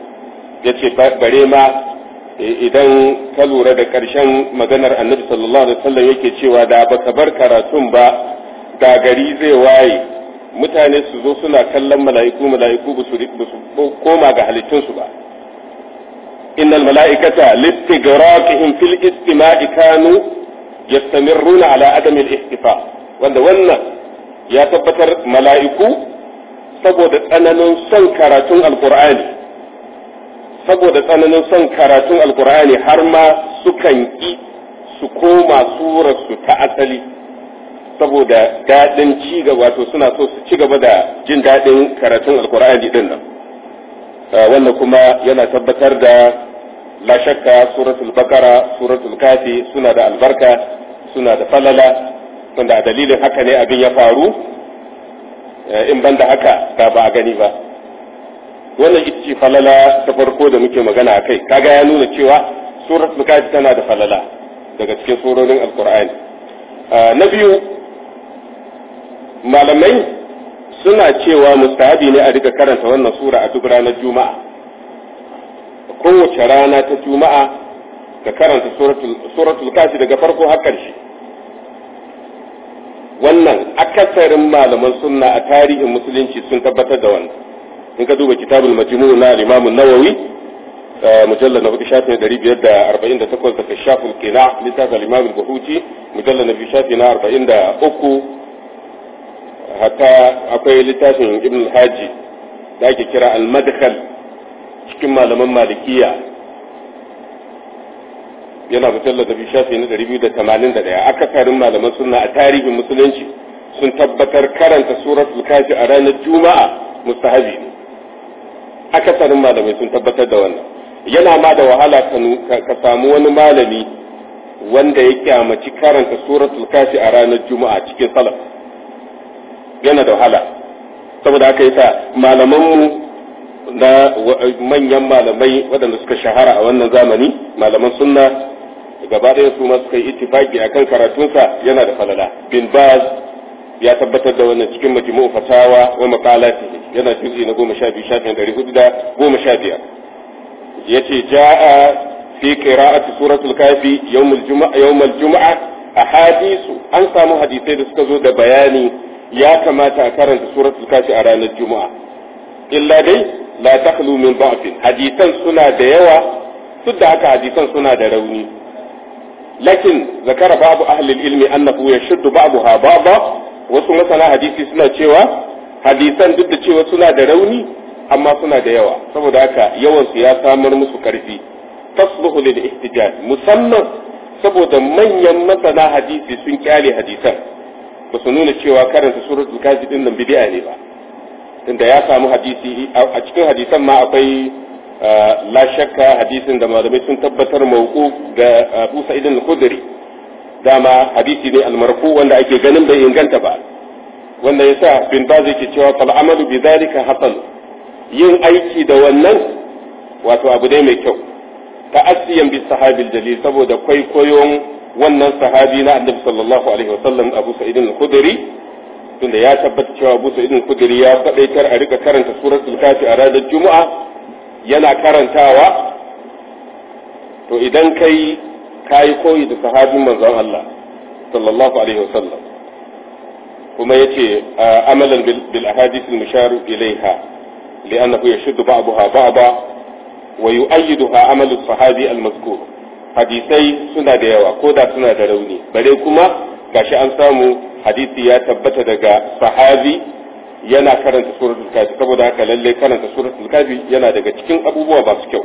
ya ce bare ma e, idan ka lura da ƙarshen maganar annabi sallallahu alaihi wasallam yake cewa da baka bar karatun ba da gari zai waye mutane su zo suna kallon mala'iku mala'iku ba su koma ga halittunsu ba innal mala'ikata listigraqihim fil istima'i kanu yastamirruna ala adami al-ihtifa wanda wannan ya tabbatar mala'iku saboda tsananin son karatun alkur'ani saboda tsananin son karatun alkur'ani har ma sukan yi su koma surarsu ta asali saboda daɗin cigaba wato suna so su ci gaba da jin daɗin karatun alkur'ani din nan ah, wannan kuma yana tabbatar da la shakka suratul bakara suratul kafi suna da albarka suna da falala wanda a dalilin haka ne abin ya faru Eh, in ban da haka da ba a gani ba wannan ita falala ta farko da muke magana a kai kaga ya nuna cewa surat bukati tana da falala daga cikin surorin alkur'ani eh, na biyu malamai suna cewa mustahabi ne a riga karanta wannan sura a duk ranar juma'a kowace rana ta juma'a ka karanta suratul kafi daga farko har karshe wannan akasarin malaman sunna a tarihin musulunci sun tabbatar da wannan in ka duba kitabul majmu' na al nawawi eh, na qina littafin al-imam al na hatta akwai littafin ibn al-haji da ake kira al-madkhal cikin malaman malikiya yana fitar da shafi na biyu da da tamanin ɗaya akasarin malaman sunna a tarihin musulunci sun tabbatar karanta surat kafi a ranar juma'a mustahabi ne akasarin malamai sun tabbatar da wannan yana ma da wahala ka samu wani malami wanda ya kyamaci karanta surat kafi a ranar juma'a cikin salaf yana da wahala saboda aka yi sa malamanmu na manyan malamai waɗanda suka shahara a wannan zamani malaman sunna gaba ɗaya su masu kai ittifaki akan karatunsa yana da falala bin baz ya tabbatar da wannan cikin majmu'u fatawa wa maqalati yana juz'i na 12 shafin 415 yace jaa fi qira'ati suratul kafi yawmul juma'a a hadisu an samu hadisai da suka zo da bayani ya kamata a karanta suratul kafi a ranar juma'a illa dai la takhlu min ba'fin hadisan suna da yawa duk da haka hadisan suna da rauni lakin zakara babu ahlil ilmi annahu yashuddu ba'daha ba'da wasu masana hadisi suna cewa hadisan duk da cewa suna da rauni amma suna da yawa saboda haka yawan su ya samar musu karfi tasluhu lil ihtijaj musamman saboda manyan masana hadisi sun kyale hadisan ba su nuna cewa karanta suratul kafi din nan bid'a ne ba tunda ya samu hadisi a cikin hadisan ma akwai la shakka hadisin da malamai sun tabbatar mawqu ga Abu Sa'id al-Khudri dama hadisi ne al-marfu wanda ake ganin bai inganta ba wanda yasa bin Baz yake cewa fal amalu bi dhalika hasan yin aiki da wannan wato abu dai mai kyau asiyan bi sahabil jalil saboda kwaikwayon wannan sahabi na Annabi sallallahu alaihi wasallam Abu Sa'id al-Khudri tunda ya tabbata cewa Abu Sa'id al-Khudri ya fadaitar a rika karanta suratul kafi a ranar Juma'a yana karantawa to idan kai kayi koyi da sahabin manzon Allah sallallahu alaihi wasallam kuma yace amalan bil ahadith al mushar ilayha li'annahu yashuddu ba'daha ba'da wa yu'ayyiduha amal al sahabi al mazkur hadisai suna da yawa ko da suna da rauni bare kuma gashi an samu hadisi ya tabbata daga sahabi yana karanta suratul kafi saboda haka lalle karanta suratul kafi yana daga cikin abubuwa ba su kyau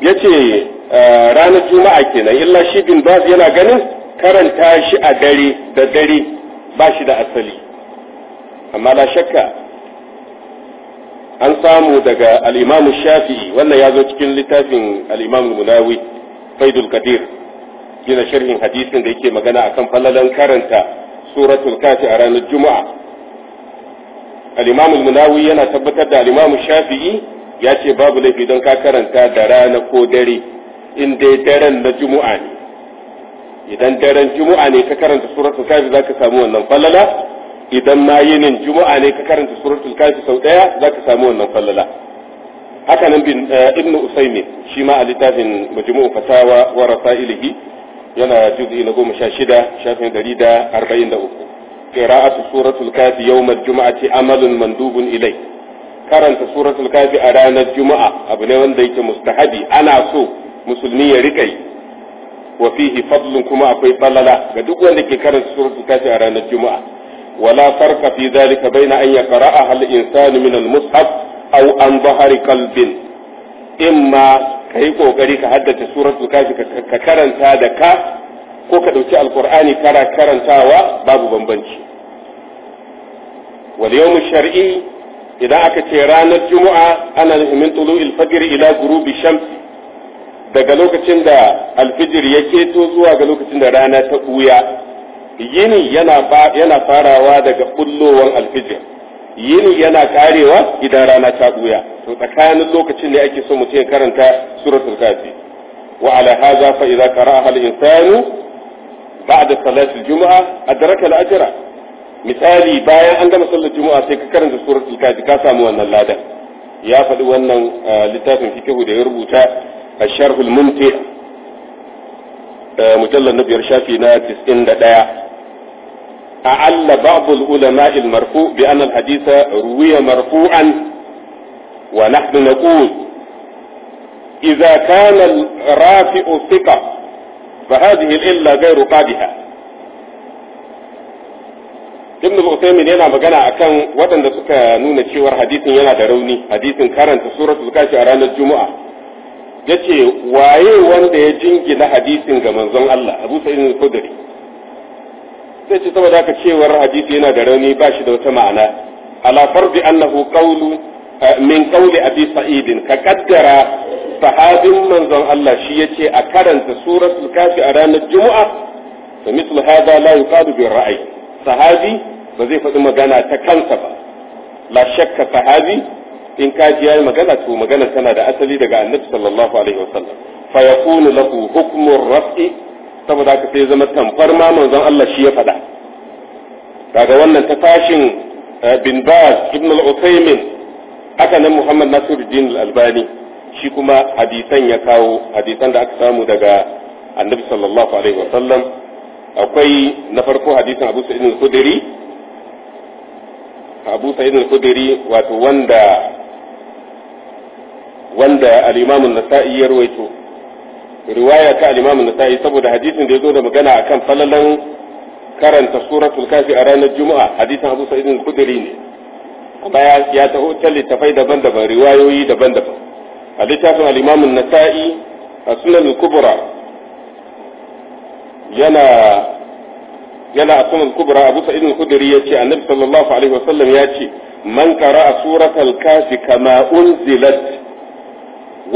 yace eh, ranar juma'a kenan illa shi bin baz yana ganin karanta shi a dare da dare ba shi da asali amma la shakka an samu daga al-imam shafi'i wannan ya zo cikin littafin al-imam munawi faidul gina sharhin hadisin da yake magana akan fallalan karanta suratul kafi a ranar juma'a al-imam al-munawi yana tabbatar da al shafi'i ya ce babu laifi don ka karanta da rana ko dare in dai daren na jumu'a ne idan daren jumu'a ne ka karanta suratul kafi ka samu wannan fallala idan ma yinin jumu'a ne ka karanta suratul kafi sau ɗaya za ka samu wannan fallala haka nan bin eh, ibnu usaymin shi ma a littafin majmu'u fatawa wa rasailihi yana juz'i na goma sha 16 shafin uku. قراءة سورة الكهف يوم الجمعة عمل مندوب إليه karanta suratul kafi a ranar juma'a abu ne wanda yake mustahabi ana so musulmi ya rika yi wa fihi fadlun kuma akwai falala ga duk wanda ke karanta suratul kafi a ranar juma'a wala farqa fi zalika baina an yaqra'aha al-insanu min al-mushaf aw an dhahari qalbin imma kai kokari ka haddace suratul kafi ka karanta da ka ko ka dauki alkur'ani kana karantawa babu bambanci wal yawm shar'i idan aka ce ranar juma'a ana nufin tulu'il fajr ila ghurubi shamsi daga lokacin da alfijir ya keto zuwa ga lokacin da rana ta ɓuya yini yana farawa daga kullowar alfijir yini yana karewa idan rana ta ɓuya to tsakanin lokacin da ake so mutum ya karanta suratul kafi wa ala hadha fa idza qara'a al-insanu بعد صلاة الجمعة أدرك الأجر مثالي بايا عندما صلى الجمعة سيككرن سورة الكاتكا سامو أن اللادة يا فدو أن في كهو دي ربوتا الشرح المنتع مجلل النبي رشافي ناتس إن دايا أعلى بعض العلماء المرفوع بأن الحديث روي مرفوعا ونحن نقول إذا كان الرافع ثقة فهذه الإلا غير قادحة ibn Uthaymeen yana magana akan waɗanda suka nuna cewar hadisin yana da rauni hadisin karanta suratul kashi a ranar juma'a yace waye wanda ya jingina hadisin ga manzon Allah Abu Sa'id al-Khudri sai ce saboda haka cewar hadisi yana da rauni ba shi da wata ma'ana ala fardi annahu min qawli abi sa'id ka kaddara sahabin manzon Allah shi ya ce a karanta surat kafi a ranar juma'a da mislu haza la yuqadu bi ra'ayi sahabi ba zai faɗi magana ta kansa ba la shakka sahabi in ka ji yayi magana to magana tana da asali daga annabi sallallahu alaihi wasallam fa yakunu lahu hukmu raf'i saboda ka sai zama tamfar ma manzon Allah shi ya faɗa daga wannan ta fashin eh, bin Baz ibn al-Uthaymin haka nan Muhammad Nasiruddin al-Albani shi kuma hadisan ya kawo hadisan da aka samu daga annabi sallallahu alaihi wasallam akwai na farko hadisan abu sa'id al-khudri abu sa'id al-khudri wato wanda wanda al-imam an-nasa'i ya rawaito riwaya ta al-imam an-nasa'i saboda hadisin da yazo da magana akan falalan karanta suratul kafi a ranar juma'a hadisan abu sa'id al-khudri ne amma ya taho ta littafai daban-daban riwayoyi daban-daban a littafin al'imamin imam an-Nasa'i a Sunan kubura, kubra yana yana a Sunan al-Kubra Abu Sa'id al-Khudri yace Annabi sallallahu alaihi wasallam yace man qara'a suratul kafi kama unzilat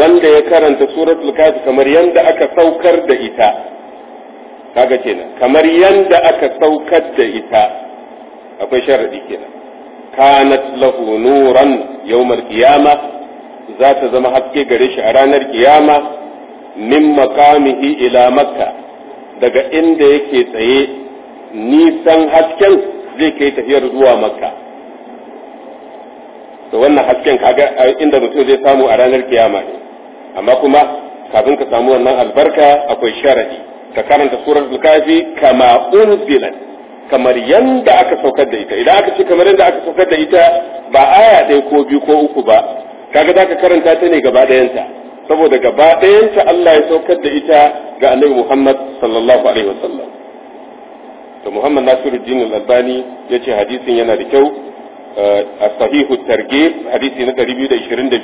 wanda ya karanta suratul kafi kamar yanda aka saukar da ita kaga kenan kamar yanda aka saukar da ita akwai sharadi kenan kanat lahu nuran yawmal qiyamah za ta zama haske gare shi a ranar kiyama min makamihi ila makka daga inda yake tsaye nisan hasken zai kai tafiyar zuwa makka to wannan hasken kaga inda mutum zai samu a ranar kiyama ne amma kuma kafin ka samu wannan albarka akwai sharadi ka karanta suratul kafi kama unzilat kamar yanda aka saukar da ita idan aka ce kamar yanda aka saukar da ita ba aya ɗaya ko biyu ko uku ba kaga ka karanta ta ne gaba ɗayanta saboda gaba ɗayanta Allah ya saukar da ita ga Annabi Muhammad sallallahu alaihi wasallam to Muhammad Nasiruddin Al-Albani ya ce hadisin yana da kyau a sahihu targhib hadisi na 225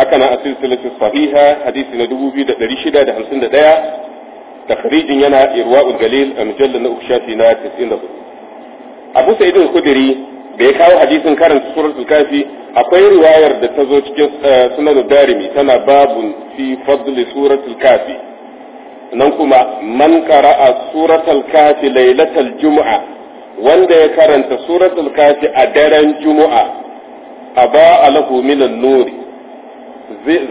haka na asilsilatu sahiha hadisi na 2651 takhrijin yana irwaul galil a mujallal na uku shafi na 94 Abu Sa'id al-Khudri da ya kawo hadisin karanta suratul kafi akwai riwayar da ta zo cikin eh, sunan darimi tana babun fi fadli suratul kafi nan kuma man a suratul kafi lailatul jumu'a wanda ya karanta suratul kafi a daren jumu'a aba alahu minan nuri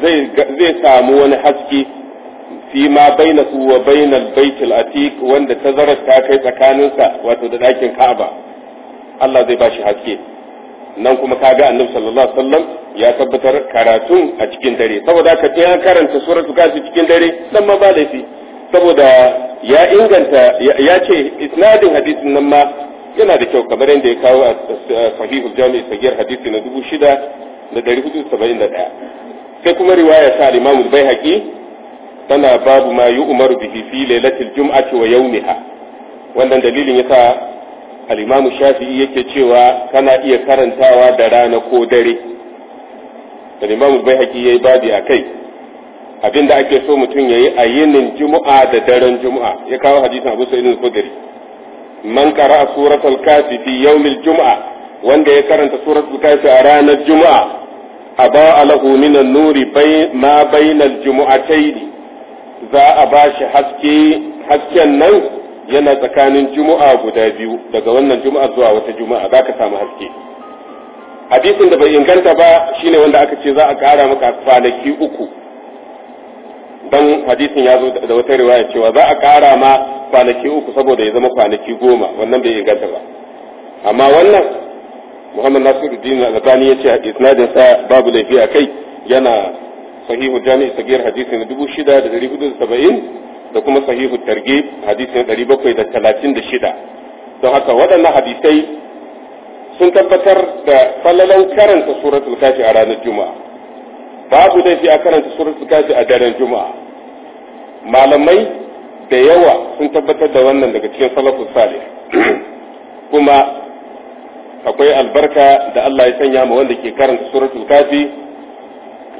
zai zai samu wani haske fi ma bainahu wa bainal baitil atiq wanda tazarar ta kai tsakaninsa wato da dakin ka'aba Allah zai bashi haske nan kuma ga annabi sallallahu alaihi wasallam ya tabbatar karatun a cikin dare saboda ka ji an karanta suratul kafi cikin dare nan ma ba laifi saboda ya inganta ya ce isnadin hadisin nan ma yana da kyau kamar yadda ya kawo a sahihul jami'i sahihar hadisi na 6471 sai kuma riwaya ta al-Imam al-Baihaqi tana babu ma yu'maru bihi fi lailatul jum'ati wa yawmiha wannan dalilin yasa al shafi'i yake cewa kana iya karantawa da rana ko dare al-imam baihaqi yayi babi akai abinda ake so mutum yayi a yinin juma'a da daren juma'a ya kawo hadisin abu sa'id al-khudri man qara'a suratul kafi fi yawmil juma'a wanda ya karanta suratul kafi a ranar juma'a aba alahu minan nuri ma bainal jumu'ataini za a bashi haske hasken nan yana tsakanin juma'a guda biyu daga wannan juma'a zuwa wata juma'a za ka samu haske hadisin da bai inganta ba shine wanda aka ce za a kara maka kwanaki uku dan hadisin ya zo da wata riwaya cewa za a kara ma kwanaki uku saboda ya zama kwanaki goma wannan bai inganta ba amma wannan muhammad nasiruddin al-albani ya ce isnadin sa babu laifi a kai yana sahihu jami'i sagir hadisi na 6470 da kuma sahihu targhib hadisin 736 don haka waɗannan hadisai sun tabbatar da fallalan karanta suratul a ranar juma'a babu dai a karanta suratul a daren juma'a malamai da yawa sun tabbatar da wannan daga cikin salafus salih kuma akwai albarka da Allah ya sanya ma wanda ke karanta suratul kafi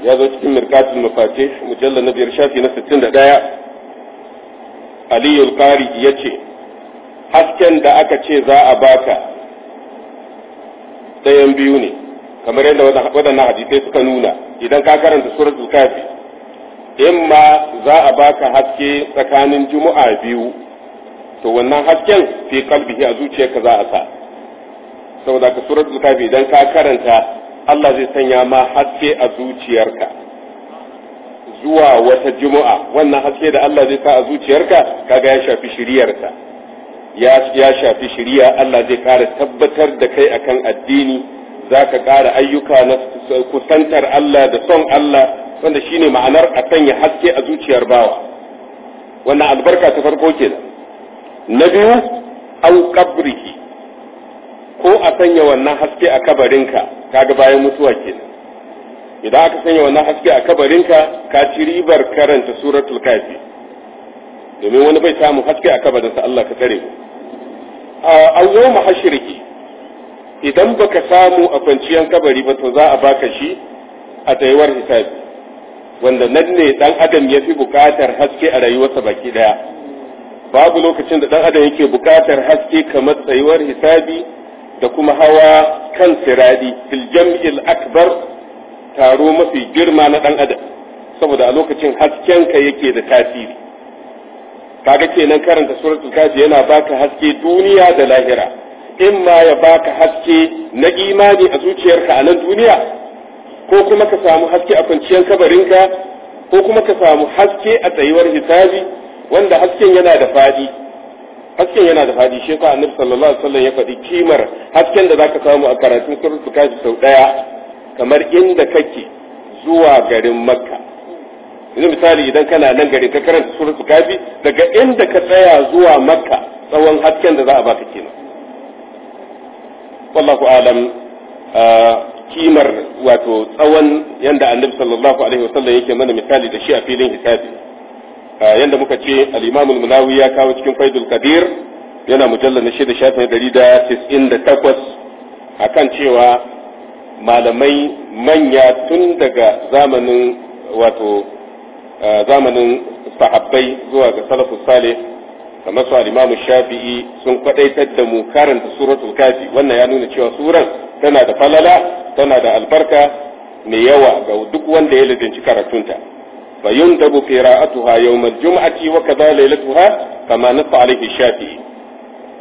ya zo cikin mirkatul mafatih mujallar na biyar shafi na 61 aliyul qari ya ce hasken da aka ce za a baka ɗayan biyu ne kamar yadda waɗannan hadisai suka nuna idan ka karanta suratul kafi imma za a baka haske tsakanin juma'a biyu to wannan hasken fi kalbihi a zuciyarka za a sa saboda ka suratul kafi idan ka karanta Allah zai sanya ma haske a zuciyarka zuwa wata juma'a wannan haske da Allah zai sa a zuciyarka kaga ya shafi shiriyarka ya ya shafi shiriya Allah zai kara tabbatar da kai akan addini zaka kara ayyuka na kusantar Allah da son Allah wanda shine ma'anar a sanya haske a zuciyar bawa wannan albarka ta farko kenan na biyu au qabrihi ko a sanya wannan haske a kabarinka kaga bayan mutuwa kenan idan aka sanya wannan haske a kabarinka ka ci ribar karanta suratul kafi domin wani bai samu haske a kabarinsa Allah ka tsare a yawma hashirki idan baka samu a kwanciyar kabari ba to za a baka shi a tsayuwar hisabi wanda nan ne dan adam ya fi bukatar haske a rayuwarsa baki daya babu lokacin da dan adam yake bukatar haske kamar tsayuwar hisabi da kuma hawa kan siradi fil jam'il akbar taro mafi girma na ɗan adam saboda a lokacin haskenka yake da tasiri kaga kenan karanta suratul kafi yana baka haske duniya da lahira in ma ya baka haske na imani a zuciyarka a nan duniya ko kuma ka samu haske a kwanciyar kabarinka ko kuma ka samu haske a tsayuwar hisabi wanda hasken yana da fadi hasken yana da fadi shi yasa annabi sallallahu alaihi wasallam ya faɗi kimar hasken da zaka samu a karatun suratul kafi sau daya kamar inda kake zuwa garin makka yanzu misali idan kana nan gari ka karanta suratul kafi daga inda ka tsaya zuwa makka tsawon hasken da za a baka kenan wallahu alam kimar wato tsawon yanda annabi sallallahu alaihi wasallam yake mana misali da shi a filin hisabi yanda muka ce al-imam munawi ya kawo cikin faidul qadir yana mujallal na 6 shafin 198 akan cewa malamai manya tun daga zamanin wato eh, zamanin sahabbai zuwa ga salafu salih kamar su al shafi'i sun kwadaitar da mu karanta suratul kafi wannan ya nuna cewa suran tana da falala tana da albarka mai yawa ga duk wanda ya lajinci karatunta fa yundabu qira'atuha yawm al-jum'ati wa kadha laylatuha kama nassa alayhi shafi'i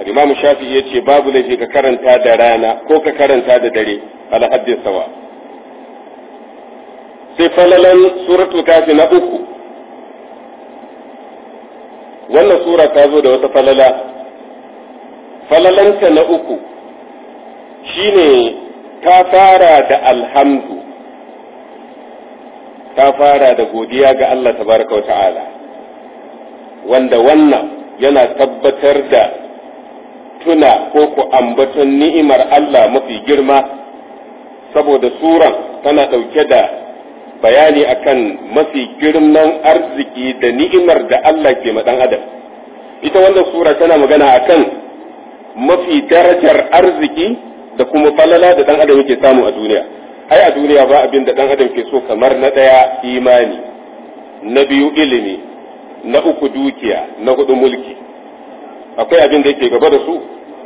al-imam shafi'i yace babu laifi ka karanta da rana ko ka karanta da dare ala sawa sai falalan suratul kafi na uku wannan sura ta zo da wata falala falalanta na uku shine ta fara da alhamdu ta fara da godiya ga Allah tabaraka wa ta'ala wanda wannan yana tabbatar da tuna ko ku ambaton ni'imar Allah mafi girma saboda suran tana ɗauke da bayani akan mafi girman arziki da ni'imar da Allah ke ma dan adam ita wannan sura tana magana akan mafi darajar arziki da kuma falala da dan adam yake samu a duniya ai a duniya ba abin da dan adam ke so kamar na ɗaya imani na biyu ilimi na uku dukiya na hudu mulki akwai abin da yake gaba da su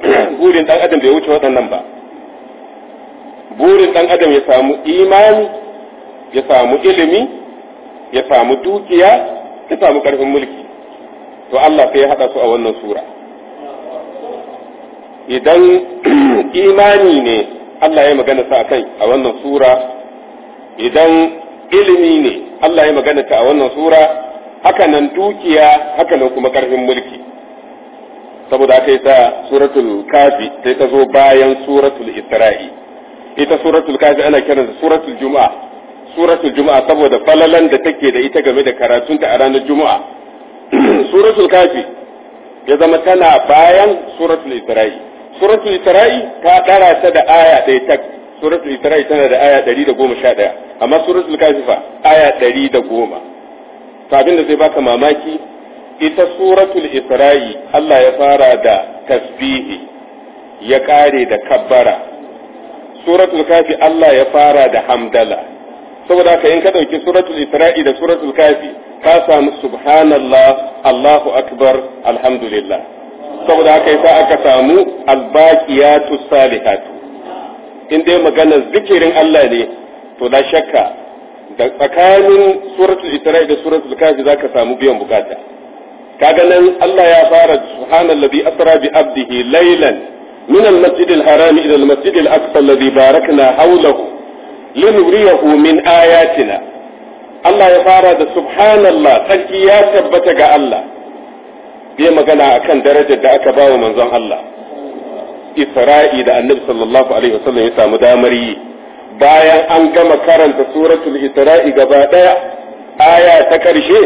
burin dan adam bai wuce waɗannan ba burin dan adam ya samu imani ya samu ilimi ya samu dukiya ya samu karfin mulki to Allah sai ya hada su a wannan sura idan imani ne Allah ya magana sa kai a wannan sura idan ilimi ne Allah ya magana ta a wannan sura haka nan dukiya haka nan kuma karfin mulki saboda aka yi sa suratul kafi sai ta zo bayan suratul isra'i ita suratul kafi ana kiran suratul juma'a suratul juma'a saboda falalan da take da ita game da karatunta a ranar juma'a suratul kafi ya zama tana bayan suratul isra'i suratul isra'i ta ɗara ta da aya ɗaya tak suratul isra'i tana da aya ɗari da goma sha ɗaya amma suratul kafi fa aya ɗari da goma to abin da zai baka mamaki ita suratul isra'i Allah ya fara da tasbihi ya kare da kabbara suratul kafi Allah ya fara da hamdala saboda ka in ka dauki suratul isra'i da suratul kafi ka samu subhanallah Allahu akbar alhamdulillah saboda haka yasa aka samu albaqiyatu salihat in dai magana zikirin Allah ne to la shakka da tsakanin suratul isra'i da suratul kafi zaka samu biyan bukata kaga nan Allah ya fara subhanallazi asra bi abdihi laylan min al-masjid al-haram ila al-masjid al-aqsa alladhi barakna hawlahu linuriyahu min ayatina Allah ya fara da subhanallah sarki ya tabbata ga Allah bai magana akan darajar da aka bawa manzon Allah Isra'i da Annabi sallallahu alaihi wasallam ya samu damar yi bayan an gama karanta suratul Isra'i gaba daya aya ta karshe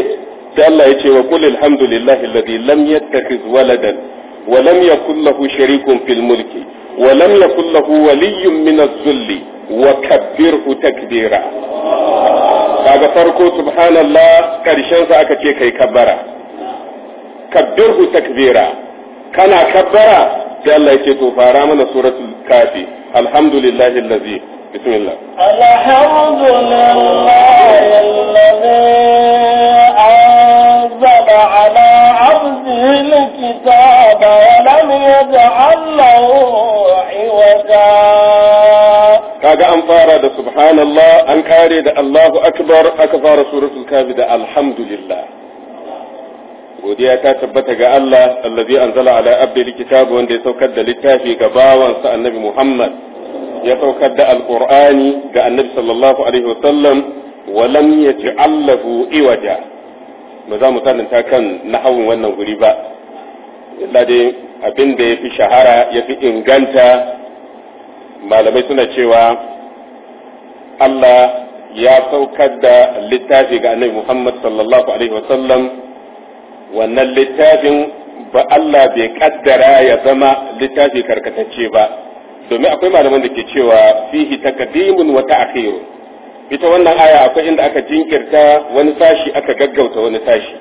sai Allah ya ce wa qul alhamdulillahi alladhi lam yattakhiz waladan wa lam yakul lahu sharikun fil mulki wa lam yakul lahu waliyyun min az-zulli wa kabbirhu takbira daga farko subhanallah karshen sa aka ce kai kabbara kabbirhu takbira kana kabbara sai Allah ya ce to fara mana suratul kafi alhamdulillahi allazi bismillah alhamdulillahi allazi كتب على عبده الكتاب ولم يجعل له عوجا kaga an fara da subhanallah an kare da Allahu akbar aka fara suratul kafi da alhamdulillah godiya ta tabbata ga Allah allazi anzala ala abdihi kitabu wanda ya saukar da littafi ga bawansa annabi Muhammad ya saukar da alqur'ani ga annabi sallallahu alaihi wasallam wa lam iwaja ba za mu tsananta kan nahawun wannan guri ba dai abin da ya fi shahara ya fi inganta malamai suna cewa Allah ya saukar da littafi ga annabi Muhammad sallallahu alaihi wasallam wannan littafin ba Allah bai kaddara ya zama littafi karkatacce ba domin akwai malaman da ke cewa fihi takadimun wa ta'khirun ita wannan aya akwai inda aka jinkirta wani sashi aka gaggauta wani sashi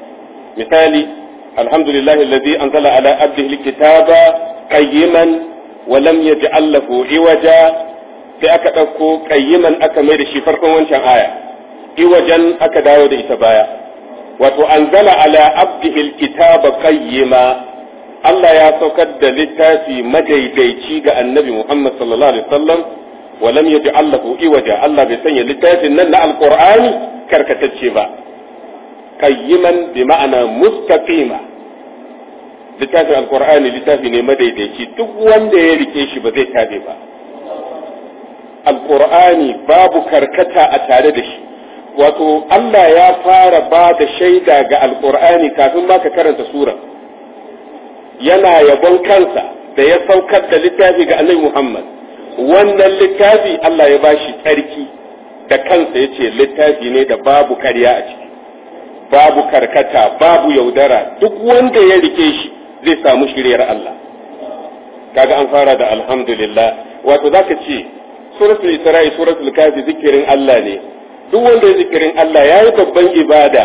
misali alhamdulillahi alladhi anzala ala abdihi alkitaba qayyiman wa lam yaj'al lahu iwaja sai aka dauko qayyiman aka mai da shi farkon wancan aya iwajan aka dawo da ita baya wato anzala ala abdihi alkitaba qayyima Allah ya saukar da littafi madaidaici ga annabi Muhammad sallallahu alaihi wasallam wa lam yaj'al lahu iwaja Allah bai sanya littafin nan na alqur'ani karkatacce ba qayyiman bi ma'ana mustaqima littafin alqur'ani littafi ne madaidaici duk wanda ya rike shi ba zai tabe ba Alƙur'ani babu karkata a tare da shi wato Allah ya fara ba da shaida ga alkur'ani kafin ma ka karanta sura yana yabon kansa da ya saukar da littafi ga Annabi Muhammad wannan littafi Allah ya bashi tsarki da kansa ya ce littafi ne da babu karya a ciki babu karkata babu yaudara duk wanda ya rike shi zai samu shiryar Allah kaga an fara da alhamdulillah wato zaka ce suratul isra'i suratul kafi zikirin Allah ne duk wanda ya zikirin Allah yayi babban ibada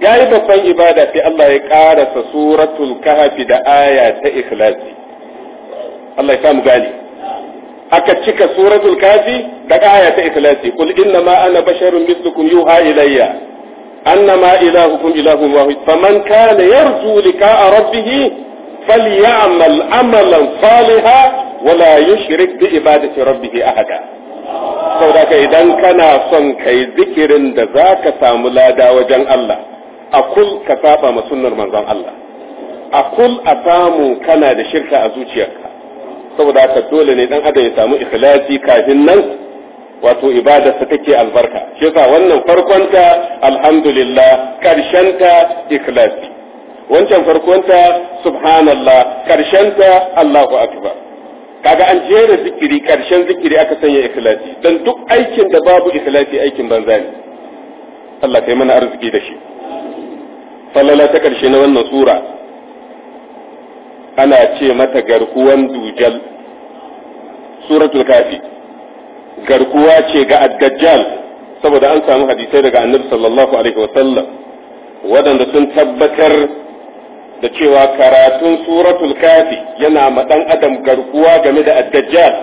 yayi babban ibada sai Allah ya karasa suratul kahfi da aya ta ikhlasi Allah ya samu gani aka cika suratul kafi daga aya ta ikhlasi kul inna ma ana basharun mislukum yuha ilayya annama ilahukum ilahun wahid faman kana yarju liqa'a rabbih falyamal amalan salihan wala yushrik bi ibadati rabbih ahada saboda ka idan kana son kai zikirin da zaka samu lada wajen Allah akul ka saba ma sunnar manzon Allah akul a samu kana da shirka a zuciyarka saboda haka dole ne dan adam ya samu ikhlasi kafin nan wato ibadarsa take albarka shi yasa wannan farkonta alhamdulillah karshenta ikhlasi wancan farkonta subhanallah karshenta Allahu akbar kaga an jera zikiri karshen zikiri aka sanya ikhlasi dan duk aikin da babu ikhlasi aikin banza ne Allah kai mana arziki da shi falala ta karshe na wannan sura ana ce mata garkuwan dujal suratul kafi garkuwa ce ga addajjal saboda an samu hadisai daga annabi sallallahu alaihi waɗanda sun tabbatar da cewa karatun suratul kafi yana ma ɗan adam garkuwa game da addajjal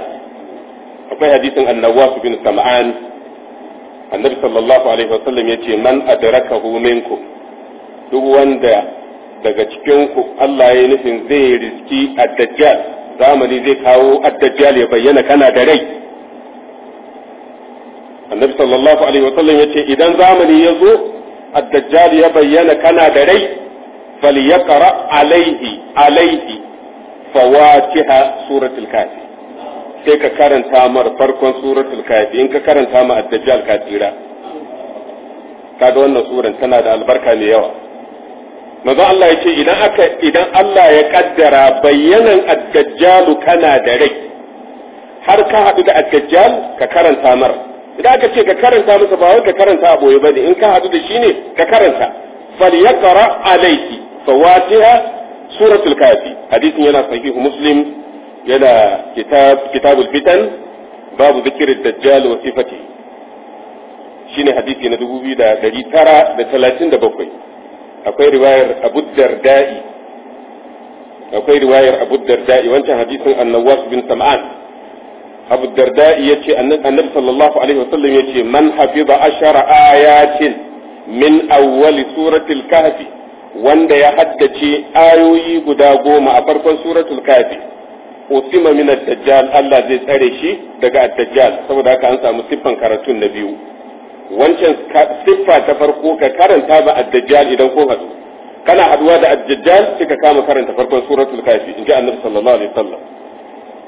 akwai hadisin annawasu bin sam'an annabi sallallahu alaihi ya ce man adrakahu minkum duk wanda daga cikinku Allah ya yi nufin zai riski ad-dajjal zamani zai kawo ad ya bayyana kana da rai annabi sallallahu alaihi wasallam ce idan zamani ya zo ad ya bayyana kana da rai falyaqra alaihi alaihi fawatiha suratul kafi sai ka karanta mar farkon suratul kafi in ka karanta ma ad-dajjal kafira kaga wannan suran tana da albarka mai yawa maza Allah ya ce idan aka idan Allah ya kaddara bayyanan ad-dajjal kana da rai har ka hadu da ad-dajjal ka karanta mar idan aka ce ka karanta masa ba wai ka karanta a ba bane in ka hadu da shi ne ka karanta falyaqra alayhi fawatiha suratul kafi hadisin yana sahihu muslim yana kitab kitabul fitan babu zikirin dajjal wa sifatihi shine hadisi na 2937 akwai riwayar Abu Darda'i akwai riwayar Abu Darda'i wancan hadisin Annawas bin Sam'an Abu Darda'i yace Annabi sallallahu alaihi wasallam ce man hafiza ashara ayatin min awwali suratul kahfi wanda ya haddace ayoyi guda goma a farkon suratul kahfi usima min ad-dajjal Allah zai tsare shi daga ad-dajjal saboda haka an samu siffan karatun na biyu wancan siffa ta farko ka karanta ba ad idan ko hadu kana haduwa da ad-dajjal sai ka kama karanta farkon suratul kafi inji annabi sallallahu alaihi wasallam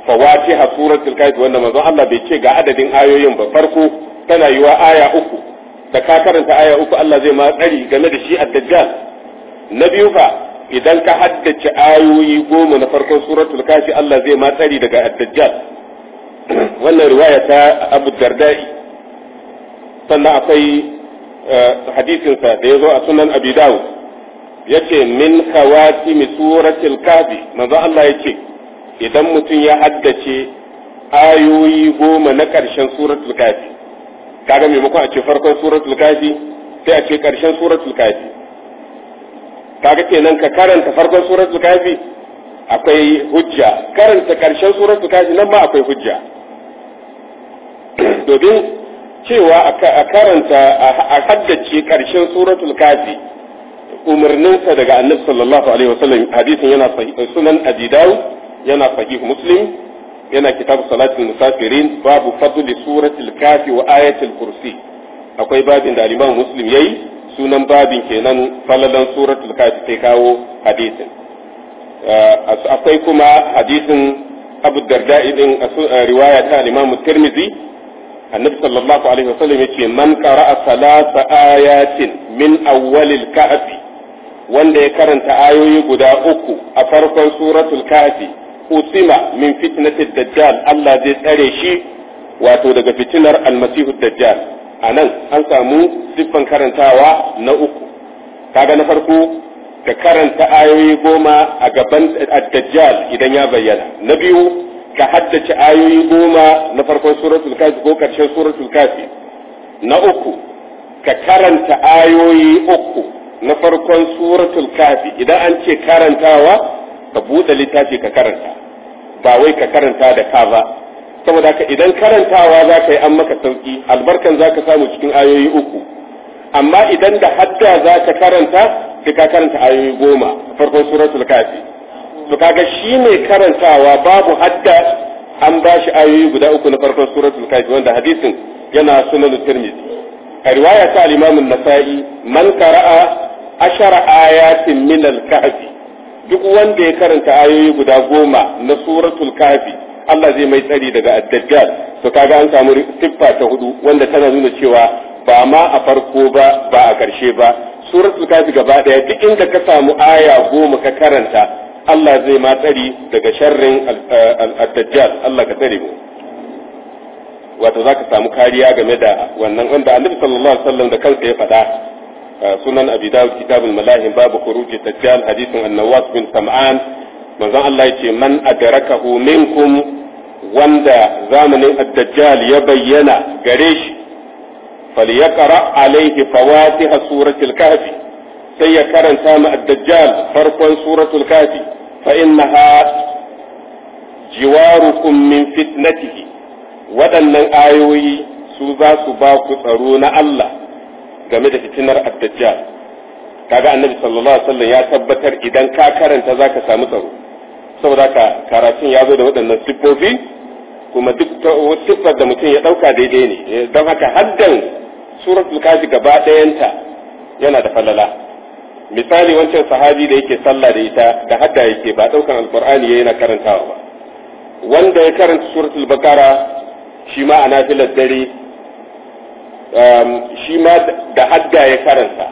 fawatiha suratul kafi wanda manzon Allah bai ce ga adadin ayoyin ba farko tana yiwa aya uku da ka karanta aya uku Allah zai ma tsari game da shi ad na biyu fa idan ka haddace ayoyi goma na farkon suratul kafi Allah zai ma tsari daga ad wannan riwaya ta Abu Darda'i sannan akwai eh, hadisinsa da ya zo a sunan abi dawud ya ce min mi suratul kafi manzo Allah ya ce idan mutum ya haddace ayoyi goma na ƙarshen suratul kafi kaga maimakon a ce farkon suratul kafi sai a ce ƙarshen suratul kafi kaga kenan ka karanta farkon suratul kafi akwai hujja karanta ƙarshen suratul kafi nan ma akwai hujja domin cewa a karanta a haddace karshen suratul kafi umarninsa daga annabi sallallahu alaihi wasallam hadisin yana sunan abi yana sahih muslim yana kitabu salatul musafirin babu fadli suratul kafi wa ayatul kursi akwai babin da al-imam muslim yayi sunan babin kenan falalan suratul kafi sai kawo hadisin uh, akwai kuma hadisin abu darda'i din riwaya ta al-imam tirmidhi annabi sallallahu alaihi wasallam yace man qara'a salasa ayatin min awwalil kahfi wanda ya karanta ayoyi guda uku a farkon suratul kahfi usima min fitnatid dajjal Allah zai tsare shi wato daga fitinar almasihu dajjal anan an samu siffan karantawa na uku kaga na farko ka karanta ayoyi goma a gaban dajjal idan ya bayyana na biyu ka haddace ayoyi goma na farkon suratul kafi ko karshen suratul kafi na uku ka karanta ayoyi uku na farkon suratul kafi idan an ce karantawa ka buɗe littafi ka karanta ba wai ka karanta da ka ba saboda ka idan karantawa za ka yi an maka sauki albarkan za ka samu cikin ayoyi uku amma idan da hadda za ka karanta ka karanta ayoyi goma farkon suratul kafi to kaga shi mai karantawa babu hadda an ba shi ayoyi guda uku na farkon suratul kafi wanda hadisin yana sunan tirmidhi a riwaya ta al-imam an-nasa'i man qara'a ashara ayatin min al-kahfi duk wanda ya karanta ayoyi guda goma na suratul kahfi Allah zai mai tsari daga ad to kaga an samu siffa ta hudu wanda tana nuna cewa ba ma a farko ba ba a karshe ba suratul kahfi gaba daya duk inda ka samu aya goma ka karanta Allah zai ma tsari daga sharrin eh, al-dajjal Allah ka tsare mu wato zaka samu kariya game da wannan wanda Annabi sallallahu alaihi wasallam da kansa ya faɗa eh, sunan Abi Dawud kitabul malahim babu khuruji dajjal hadithun an-Nawas bin Sam'an manzon Allah yace man adrakahu minkum wanda zamanin ad-dajjal ya bayyana gare shi falyaqra alaihi fawatiha suratul kahfi sai ya karanta ma ad-dajjal farkon suratul kafi فإنها جواركم من فتنته waɗannan ayoyi su zasu su ba ku tsaro na Allah game da fitinar addajjal kaga annabi sallallahu alaihi wasallam ya tabbatar idan ka karanta zaka samu tsaro saboda ka karatun ya zo da waɗannan siffofi kuma duk siffar da mutum ya ɗauka daidai ne don haka haddan suratul kaji gaba ɗayanta yana da falala misali wancan sahabi da yake sallah da ita da hadda yake ba daukan alqur'ani yayin karantawa ba wanda ya karanta suratul bakara shi ma a nafilar dare um, shi ma da hadda ya karanta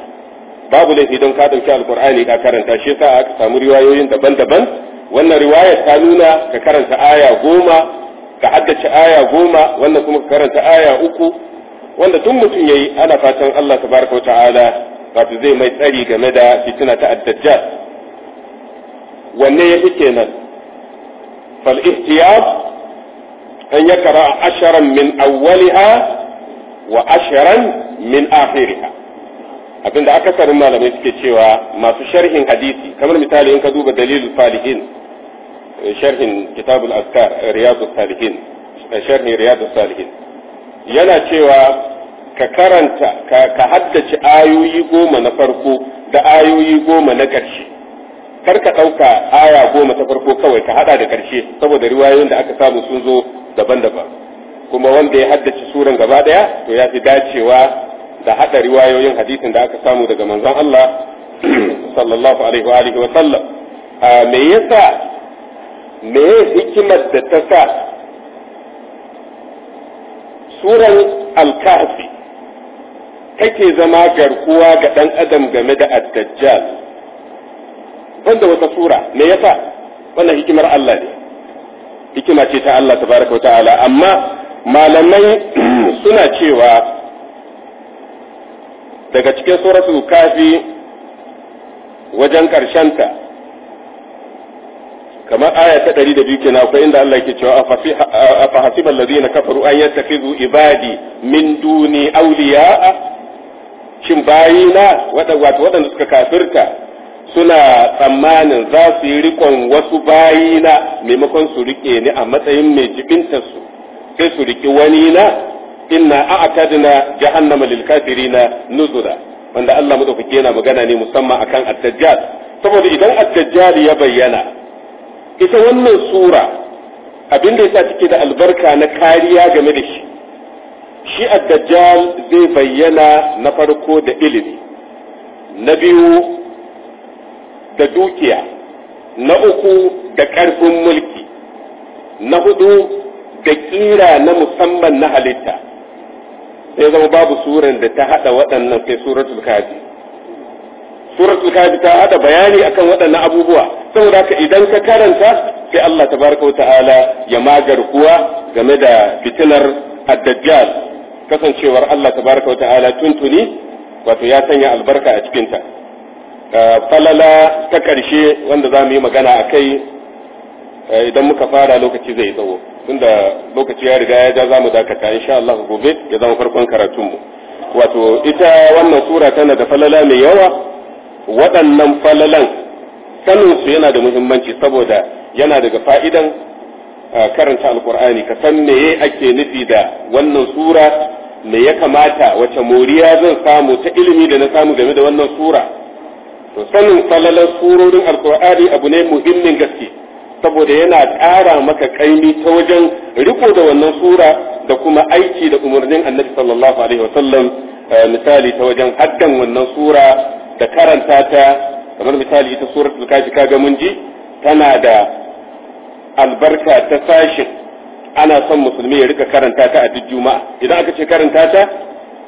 babu laifi don ka dauki alqur'ani ka karanta shi yasa aka samu riwayoyin daban-daban wannan riwaya ta nuna ka karanta aya goma ka haddace aya goma wannan kuma ka karanta aya uku wanda tun mutum yayi ana fatan Allah tabaraka wa ta'ala wato zai mai tsari game da fitina ta addajjal wanne ya fi kenan fal ihtiyab an yakra asharan min awwaliha wa asharan min akhiriha abinda akasarin malamai suke cewa masu sharhin hadisi kamar misali in ka duba dalilul falihin eh, sharhin kitabul azkar eh, riyadus salihin eh, sharhin riyadus salihin yana cewa ka karanta ka haddace ayoyi goma na farko da ayoyi goma na ƙarshe kar ka ɗauka aya goma ta farko kawai ka hada da ƙarshe saboda riwayoyin da aka samu sun zo daban-daban kuma wanda ya haddace suran gaba daya to ya fi dacewa da hada riwayoyin hadisin da aka samu daga manzon Allah sallallahu alaihi wa alihi wa sallam me yasa me hikimar da ta sa suran al-kahfi take zama garkuwa ga ɗan adam game da addajjal banda wata sura me yasa wannan hikimar Allah ne hikima ce ta Allah tabaraka ta'ala amma malamai suna cewa daga cikin suratul kafi wajen ta kamar aya ta 102 kenan akwai inda Allah yake cewa afa hasiba alladhina kafaru an yattakhidhu ibadi min duni awliya'a shin bayina wato waɗanda suka kafirta suna tsammanin za su yi rikon wasu bayi na maimakon su rike ni a matsayin mai su sai su riki wani na inna a'tadna jahannama lil kafirina nuzura wanda Allah madaukake yana magana ne musamman akan at tajjal saboda idan at tajjal ya bayyana ita wannan sura abinda yasa take da albarka na kariya game da shi shi addajjal zai bayyana na farko da ilimi na biyu da dukiya na uku da ƙarfin mulki na hudu da ƙira na musamman na halitta sai zama babu suran da ta hada waɗannan sai suratul kafi suratul ta hada bayani akan waɗannan abubuwa saboda haka idan ka karanta sai Allah tabaraka ta'ala ya magar kuwa game da fitinar addajjal kasancewar Allah tabaraka wa ta'ala tuntuni wato ya sanya albarka a cikinta falala ta karshe wanda za mu yi magana a kai eh, idan muka fara lokaci zai tsawo tunda lokaci ya riga ya ja za mu dakata insha Allah gobe ya zama farkon karatunmu wato ita wannan sura tana da falala mai yawa waɗannan falalan saninsu yana da muhimmanci saboda yana daga fa'idan eh, karanta alkur'ani ka san meye ake nufi da wannan sura me ya kamata wace moriya zan samu ta ilimi da na samu game da wannan sura to sanin falalar surorin alkur'ani abu ne muhimmin gaske saboda yana ƙara maka kaimi ta wajen riko da wannan sura da kuma aiki da umarnin annabi sallallahu alaihi sallam eh, misali ta wajen haddan wannan sura da karanta ta kamar misali ita suratul kafi kaga mun ji tana da albarka ta sashin ana son musulmi ya rika karanta ta a duk juma'a idan aka ce karanta ta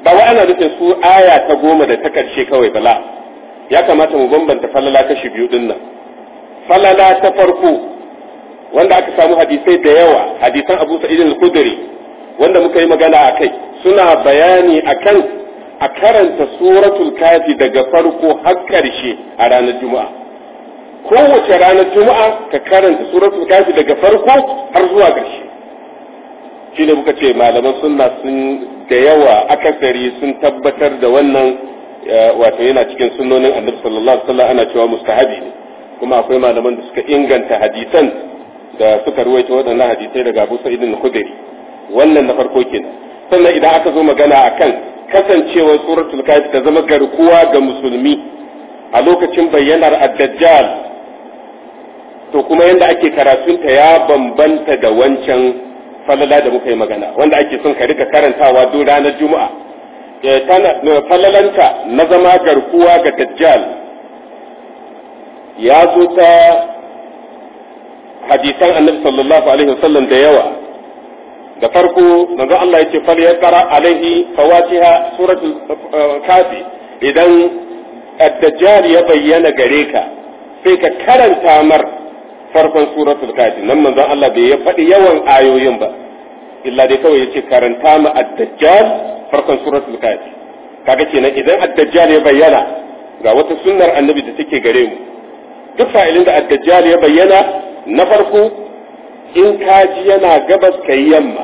ba wai ana nufin su aya ta goma da ta karshe kawai bala ya kamata mu bambanta falala kashi biyu din nan falala ta farko wanda aka samu hadisai da yawa hadisan Abu Sa'id al kudri wanda muka yi magana a kai suna bayani akan a karanta suratul kafi daga farko har karshe a ranar juma'a kowace ranar juma'a ka karanta suratul kafi daga farko har zuwa karshe shi ne muka ce malaman suna sun da yawa akasari sun tabbatar da wannan eh, wato yana cikin sunnonin annabi sallallahu alaihi wasallam ana cewa mustahabi ne kuma akwai malaman da suka inganta hadisan da suka ruwaito waɗannan hadisai daga Abu Sa'id al-Khudri wannan na farko kenan sannan idan aka zo magana akan kasancewar suratul kahf ta zama garkuwa ga musulmi a lokacin bayyanar ad-dajjal to kuma yanda ake karatunta ya bambanta da wancan falala da muka yi magana wanda ake son ka rika karantawa duk ranar juma'a eh, tana falalanta na zama garkuwa ga dajjal ya zo ta hadisan annabi sallallahu alaihi wasallam da yawa da farko manzo Allah yace fal yaqra alaihi fawatiha suratul eh, kafi idan ad-dajjal ya bayyana gare ka sai ka karanta mar farkon suratul kafi nan manzon Allah bai ya faɗi yawan ayoyin ba illa dai kawai yace karanta mu ad-dajjal farkon suratul kafi kaga kenan idan ad-dajjal ya bayyana ga wata sunnar annabi da take gare mu duk fa'ilin da ad-dajjal ya bayyana na farko in kaji yana gabas kai yamma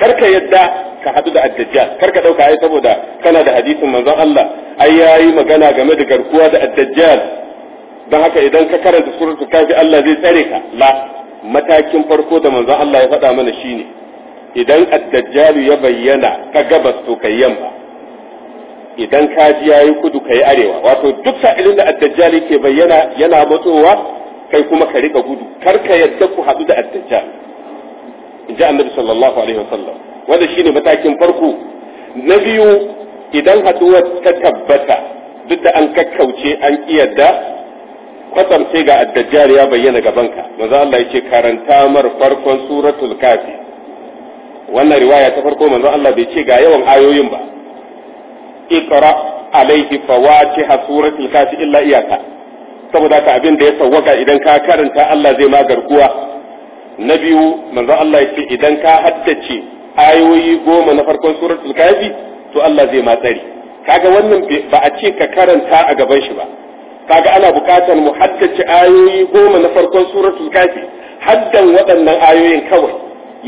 karka yadda ka hadu da ad-dajjal karka dauka ai saboda kana da hadisin manzon Allah ai yayi magana game da garkuwa da ad-dajjal don haka idan ka karanta suratul kafi Allah zai tsare ka la matakin farko da manzon Allah ya faɗa mana shine idan ad-dajjal ya bayyana ka gabas to kai yamma idan ka ji yayi kudu kai arewa wato duk sa'ilin da ad-dajjal yake bayyana yana matsowa kai kuma ka rika gudu kar ka yadda ku hadu da ad-dajjal inji annabi sallallahu alaihi wasallam wanda shine matakin farko na biyu idan haduwar ta tabbata duk da an kakkauce an kiyarda kwatsam sai ga addajjal ya bayyana gabanka manzo Allah yace karanta mar farkon suratul kafi wannan riwaya ta farko manzo Allah bai ce ga yawan ayoyin ba iqra alaihi fawatiha suratul kafi illa iyaka saboda ka abin da ya sawwaka idan ka karanta Allah zai ma garkuwa na biyu manzo Allah yace idan ka haddace ayoyi goma na farkon suratul kafi to Allah zai ma tsari kaga wannan ba a ce ka karanta a gaban shi ba kaga ana bukatar mu haddace ayoyi goma na farkon suratul kafi haddan waɗannan ayoyin kawai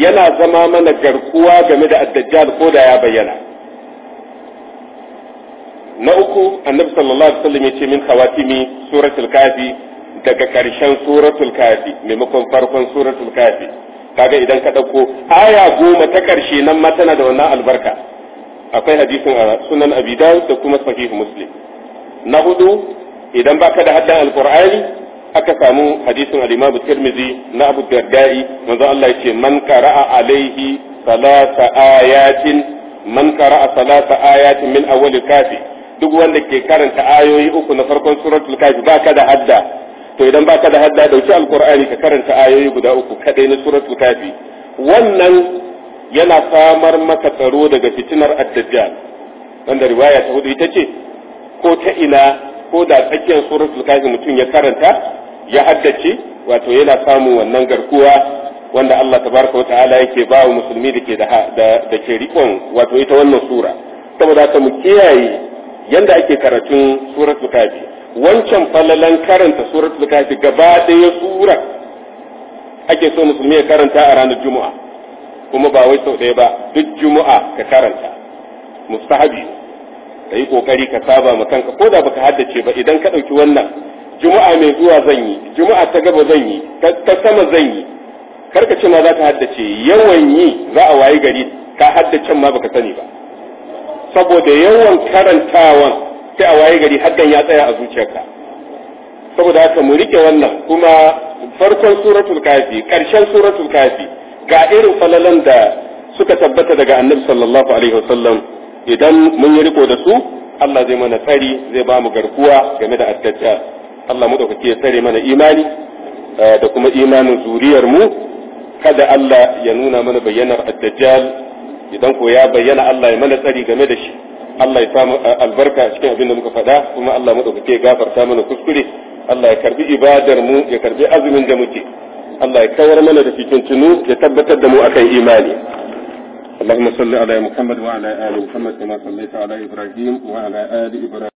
yana zama mana garkuwa game da addajjal ko da ya bayyana na uku annabi sallallahu alaihi wasallam yace min suratul kafi daga karshen suratul kafi maimakon farkon suratul kafi kaga idan ka dauko aya goma ta karshe nan ma tana da wannan albarka akwai hadisin a sunan abi da kuma sahih muslim na hudu idan baka da haddan alkur'ani aka samu hadisin al tirmizi na abu dardai manzo Allah ce man qara'a alaihi salasa ayatin man qara'a salasa ayatin min awwal kafi duk wanda ke karanta ayoyi uku na farkon suratul kafi baka da hadda to idan baka da hadda dauki alkur'ani ka karanta ayoyi guda uku kadai na suratul kafi wannan yana samar maka tsaro daga fitinar ad-dajjal wanda riwaya ta hudu ita ce ko ta ina ko da tsakiyar suratul kafi mutum ya karanta ya haddace wato yana samun wannan garkuwa wanda Allah tabaraka wa ta'ala yake ba wa musulmi da ke da ke rikon wato ita wannan sura saboda haka mu kiyaye yanda ake karatun suratul kafi wancan falalan karanta suratul kafi gaba ɗaya sura ake so musulmi ya karanta a ranar juma'a kuma ba wai sau ɗaya ba duk juma'a ka karanta mustahabi ka yi kokari ka saba ma kanka ko da baka haddace ba idan ka ɗauki wannan juma'a mai zuwa zan yi juma'a ta gaba zan yi ta sama zan yi karka ce ma za ka haddace yawan yi za a wayi gari ka haddace ma baka sani ba saboda yawan karantawan sai a wayi gari haddan ya tsaya a zuciyarka saboda haka mu rike wannan kuma farkon suratul kafi karshen suratul kafi ga irin falalan da suka tabbata daga annabi sallallahu alaihi wasallam idan mun yi riko da su Allah zai mana tsari zai ba mu garkuwa game da addajjal Allah madaukaki ya tsare mana imani eh, da kuma imanin zuriyar mu kada Allah ya nuna mana bayyanar addajjal idan ko ya bayyana Allah ya mana tsari game da shi Allah ya samu eh, albarka cikin abin da muka faɗa kuma Allah mu madaukaki ya gafarta mana kuskure Allah ya karbi ibadar mu ya karbi azumin da muke Allah ya kawar mana da fitintunu ya tabbatar da mu akan imani اللهم صل على محمد وعلى آل محمد كما صليت على إبراهيم وعلى آل إبراهيم